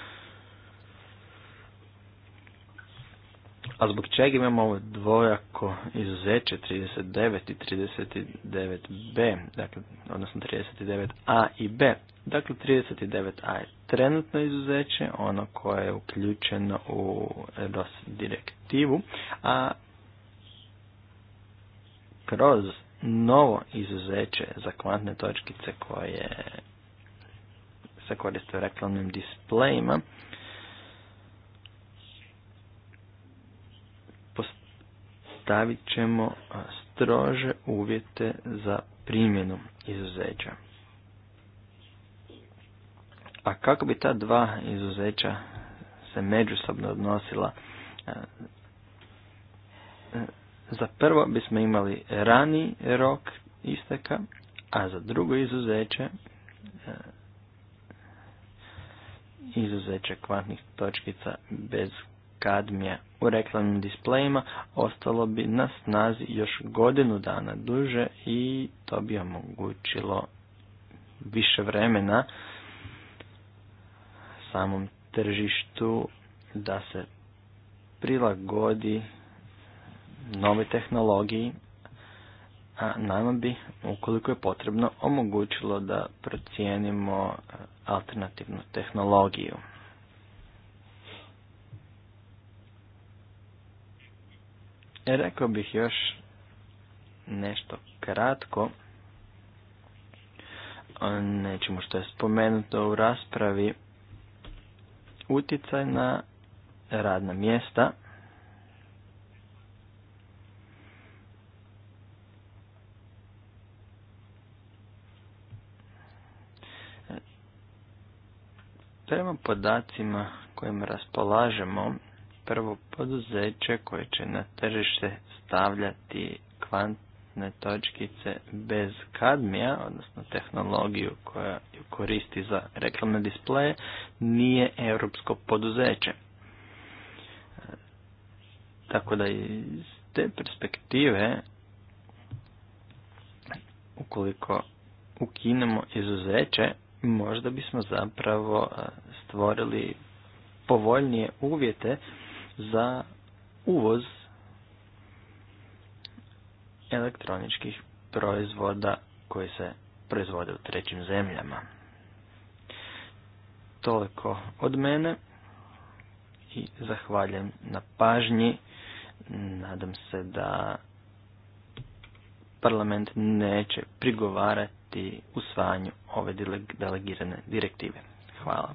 A zbog čega imamo ovo dvojako izuzeće 39 i 39b, dakle, odnosno 39a i b. Dakle, 39a je trenutno izuzeće, ono koje je uključeno u ROS direktivu, a kroz novo izuzeće za kvantne točkice koje se koriste u reklamnim displejima, postavit ćemo strože uvjete za primjenu izuzeća. A kako bi ta dva izuzeća se međusobno odnosila, e, za prvo bismo imali rani rok isteka, a za drugo izuzeće e, izuzeće kvantnih točkica bez kadmija u reklamnim displejima ostalo bi na snazi još godinu dana duže i to bi omogućilo više vremena samom tržištu da se prilagodi nove tehnologiji, a nama bi, ukoliko je potrebno, omogućilo da procijenimo e, alternativnu tehnologiju. E, rekao bih još nešto kratko Nećemo nečemu što je spomenuto u raspravi. Uticaj na radna mjesta. Prema podacima kojima raspolažemo, prvo poduzeće koje će na tržište stavljati kvantne točkice bez kadmija, odnosno tehnologiju koja ju koristi za reklamne displeje, nije europsko poduzeće. E, tako da iz te perspektive, ukoliko ukinemo izuzeće, možda bismo zapravo e, stvorili povoljnije uvjete za uvoz elektroničkih proizvoda koji se proizvode u trećim zemljama. Toliko od mene i zahvaljujem na pažnji. Nadam se da parlament neće prigovarati usvajanju ove delegirane direktive. Hvala.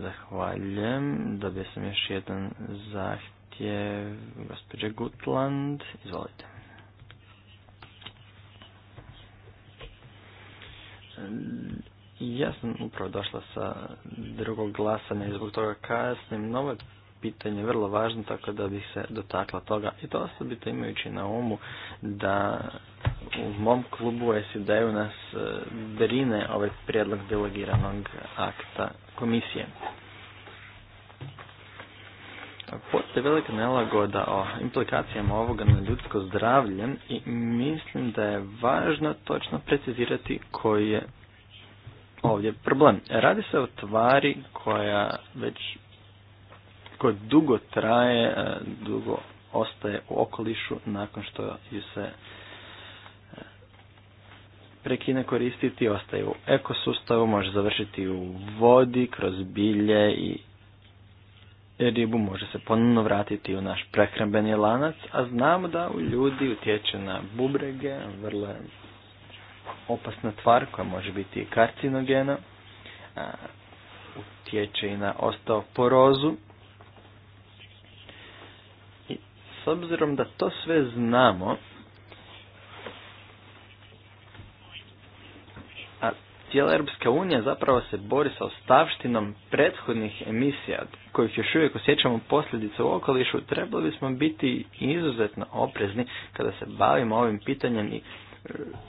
Zahvaljujem. Dobio sam još jedan zahtjev gospođe Gutland. Izvolite. Ja sam upravo došla sa drugog glasa, i zbog toga kasnim. Novac pitanje vrlo važno, tako da bih se dotakla toga. I to osobito imajući na umu da u mom klubu SID-u nas e, brine ovaj prijedlog delegiranog akta komisije. Postoje velika nelagoda o implikacijama ovoga na ljudsko zdravlje i mislim da je važno točno precizirati koji je ovdje problem. Radi se o tvari koja već ako dugo traje, e, dugo ostaje u okolišu nakon što ju se e, prekine koristiti, ostaje u ekosustavu, može završiti u vodi, kroz bilje i ribu može se ponovno vratiti u naš prehrambeni lanac, a znamo da u ljudi utječe na bubrege, vrlo opasna tvar koja može biti karcinogena, utječe i na ostao porozu, S obzirom da to sve znamo, a cijela Europska unija zapravo se bori sa ostavštinom prethodnih emisija, kojih još uvijek osjećamo posljedice u okolišu, trebali bismo biti izuzetno oprezni kada se bavimo ovim pitanjem i e,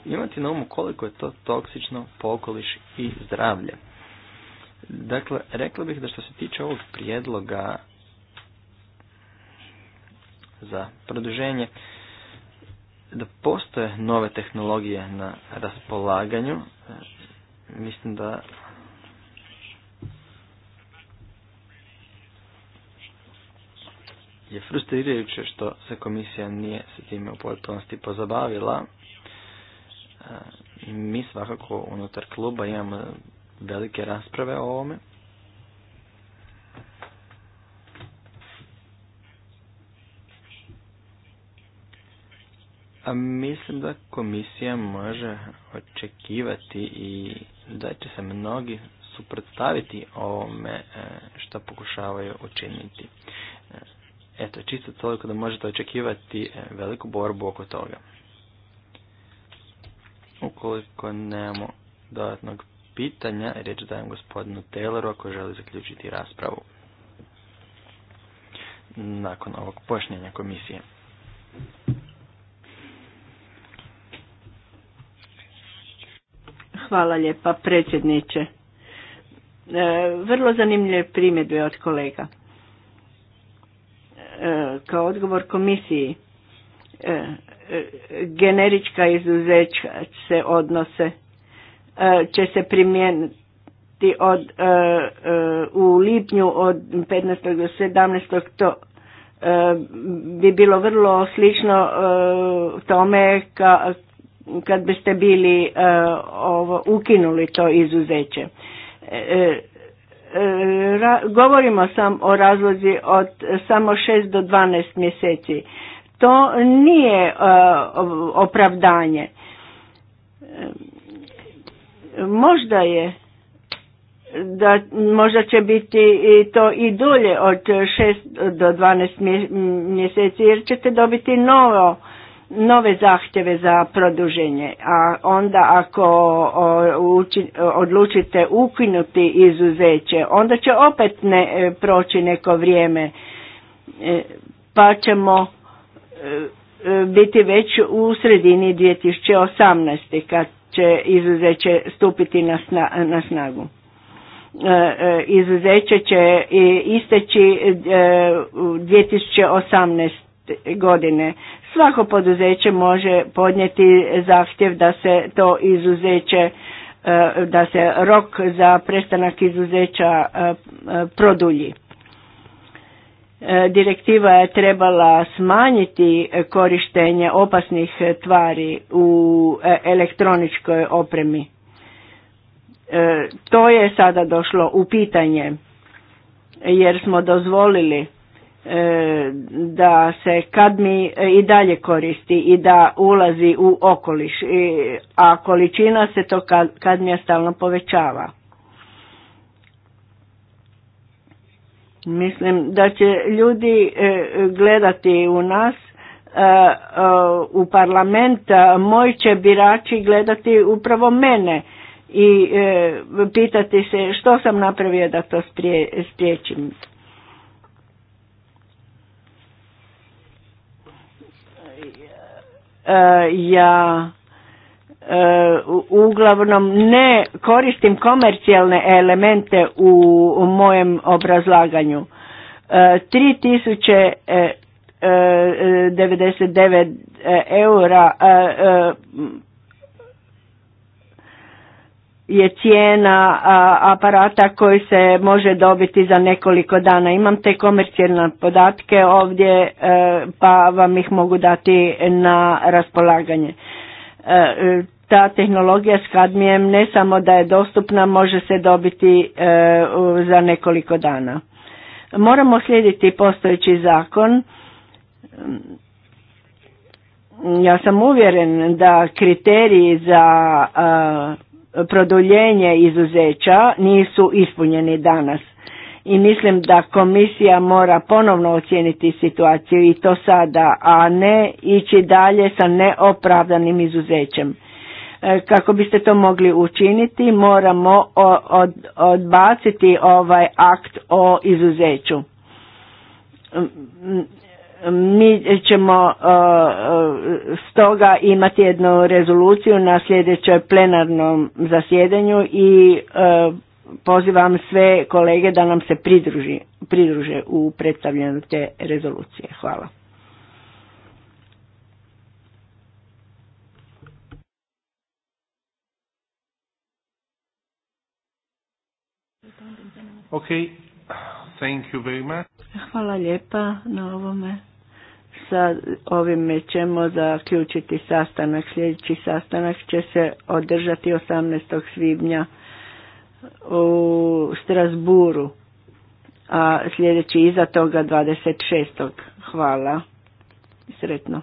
imati na umu koliko je to toksično po okoliš i zdravlje. Dakle, rekla bih da što se tiče ovog prijedloga za produženje, da postoje nove tehnologije na raspolaganju. E, mislim da je frustrirajuće što se komisija nije se time u potpunosti pozabavila. E, mi svakako unutar kluba imamo velike rasprave o ovome. A mislim da komisija može očekivati i da će se mnogi suprotstaviti ovome e, što pokušavaju učiniti. E, eto, čisto toliko da možete očekivati e, veliku borbu oko toga. Ukoliko nemamo dodatnog pitanja, riječ dajem gospodinu Tayloru ako želi zaključiti raspravu. Nakon ovog pojašnjenja komisije. Hvala lijepa predsjedniče. E, vrlo zanimljive primjedbe od kolega. E, kao odgovor komisiji e, generička izuzeća se odnose će se primijeniti od, u lipnju od 15. do 17. to bi bilo vrlo slično tome kad biste bili e, ovo, ukinuli to izuzeće. E, e, ra, govorimo sam o razlozi od samo 6 do 12 mjeseci. To nije e, opravdanje. Možda je da možda će biti i to i dulje od 6 do 12 mjeseci jer ćete dobiti novo nove zahtjeve za produženje, a onda ako odlučite ukinuti izuzeće, onda će opet ne e, proći neko vrijeme, e, pa ćemo e, biti već u sredini 2018. kad će izuzeće stupiti na, snagu. Izuzeće će isteći 2018 godine. Svako poduzeće može podnijeti zahtjev da se to izuzeće e, da se rok za prestanak izuzeća e, e, produlji. Direktiva je trebala smanjiti korištenje opasnih tvari u elektroničkoj opremi. To je sada došlo u pitanje jer smo dozvolili E, da se mi e, i dalje koristi i da ulazi u okoliš, a količina se to kadmija stalno povećava. Mislim da će ljudi e, gledati u nas, u parlament, moji će birači gledati upravo mene i pitati se što sam napravio da to spriječim. E, ja e, uglavnom ne koristim komercijalne elemente u mojem obrazlaganju. 3099 e, eura je cijena aparata koji se može dobiti za nekoliko dana. Imam te komercijalne podatke ovdje e, pa vam ih mogu dati na raspolaganje. E, ta tehnologija s kadmijem ne samo da je dostupna, može se dobiti e, za nekoliko dana. Moramo slijediti postojeći zakon. Ja sam uvjeren da kriteriji za produljenje izuzeća nisu ispunjeni danas. I mislim da komisija mora ponovno ocijeniti situaciju i to sada, a ne ići dalje sa neopravdanim izuzećem. E, kako biste to mogli učiniti, moramo odbaciti ovaj akt o izuzeću mi ćemo e, e, stoga imati jednu rezoluciju na sljedećoj plenarnom zasjedanju i e, pozivam sve kolege da nam se pridruži, pridruže u predstavljanju te rezolucije. Hvala. Okay. Thank you very much. Hvala lijepa na ovome sa ovime ćemo zaključiti sastanak. Sljedeći sastanak će se održati 18. svibnja u Strasburu, a sljedeći iza toga 26. Hvala. Sretno.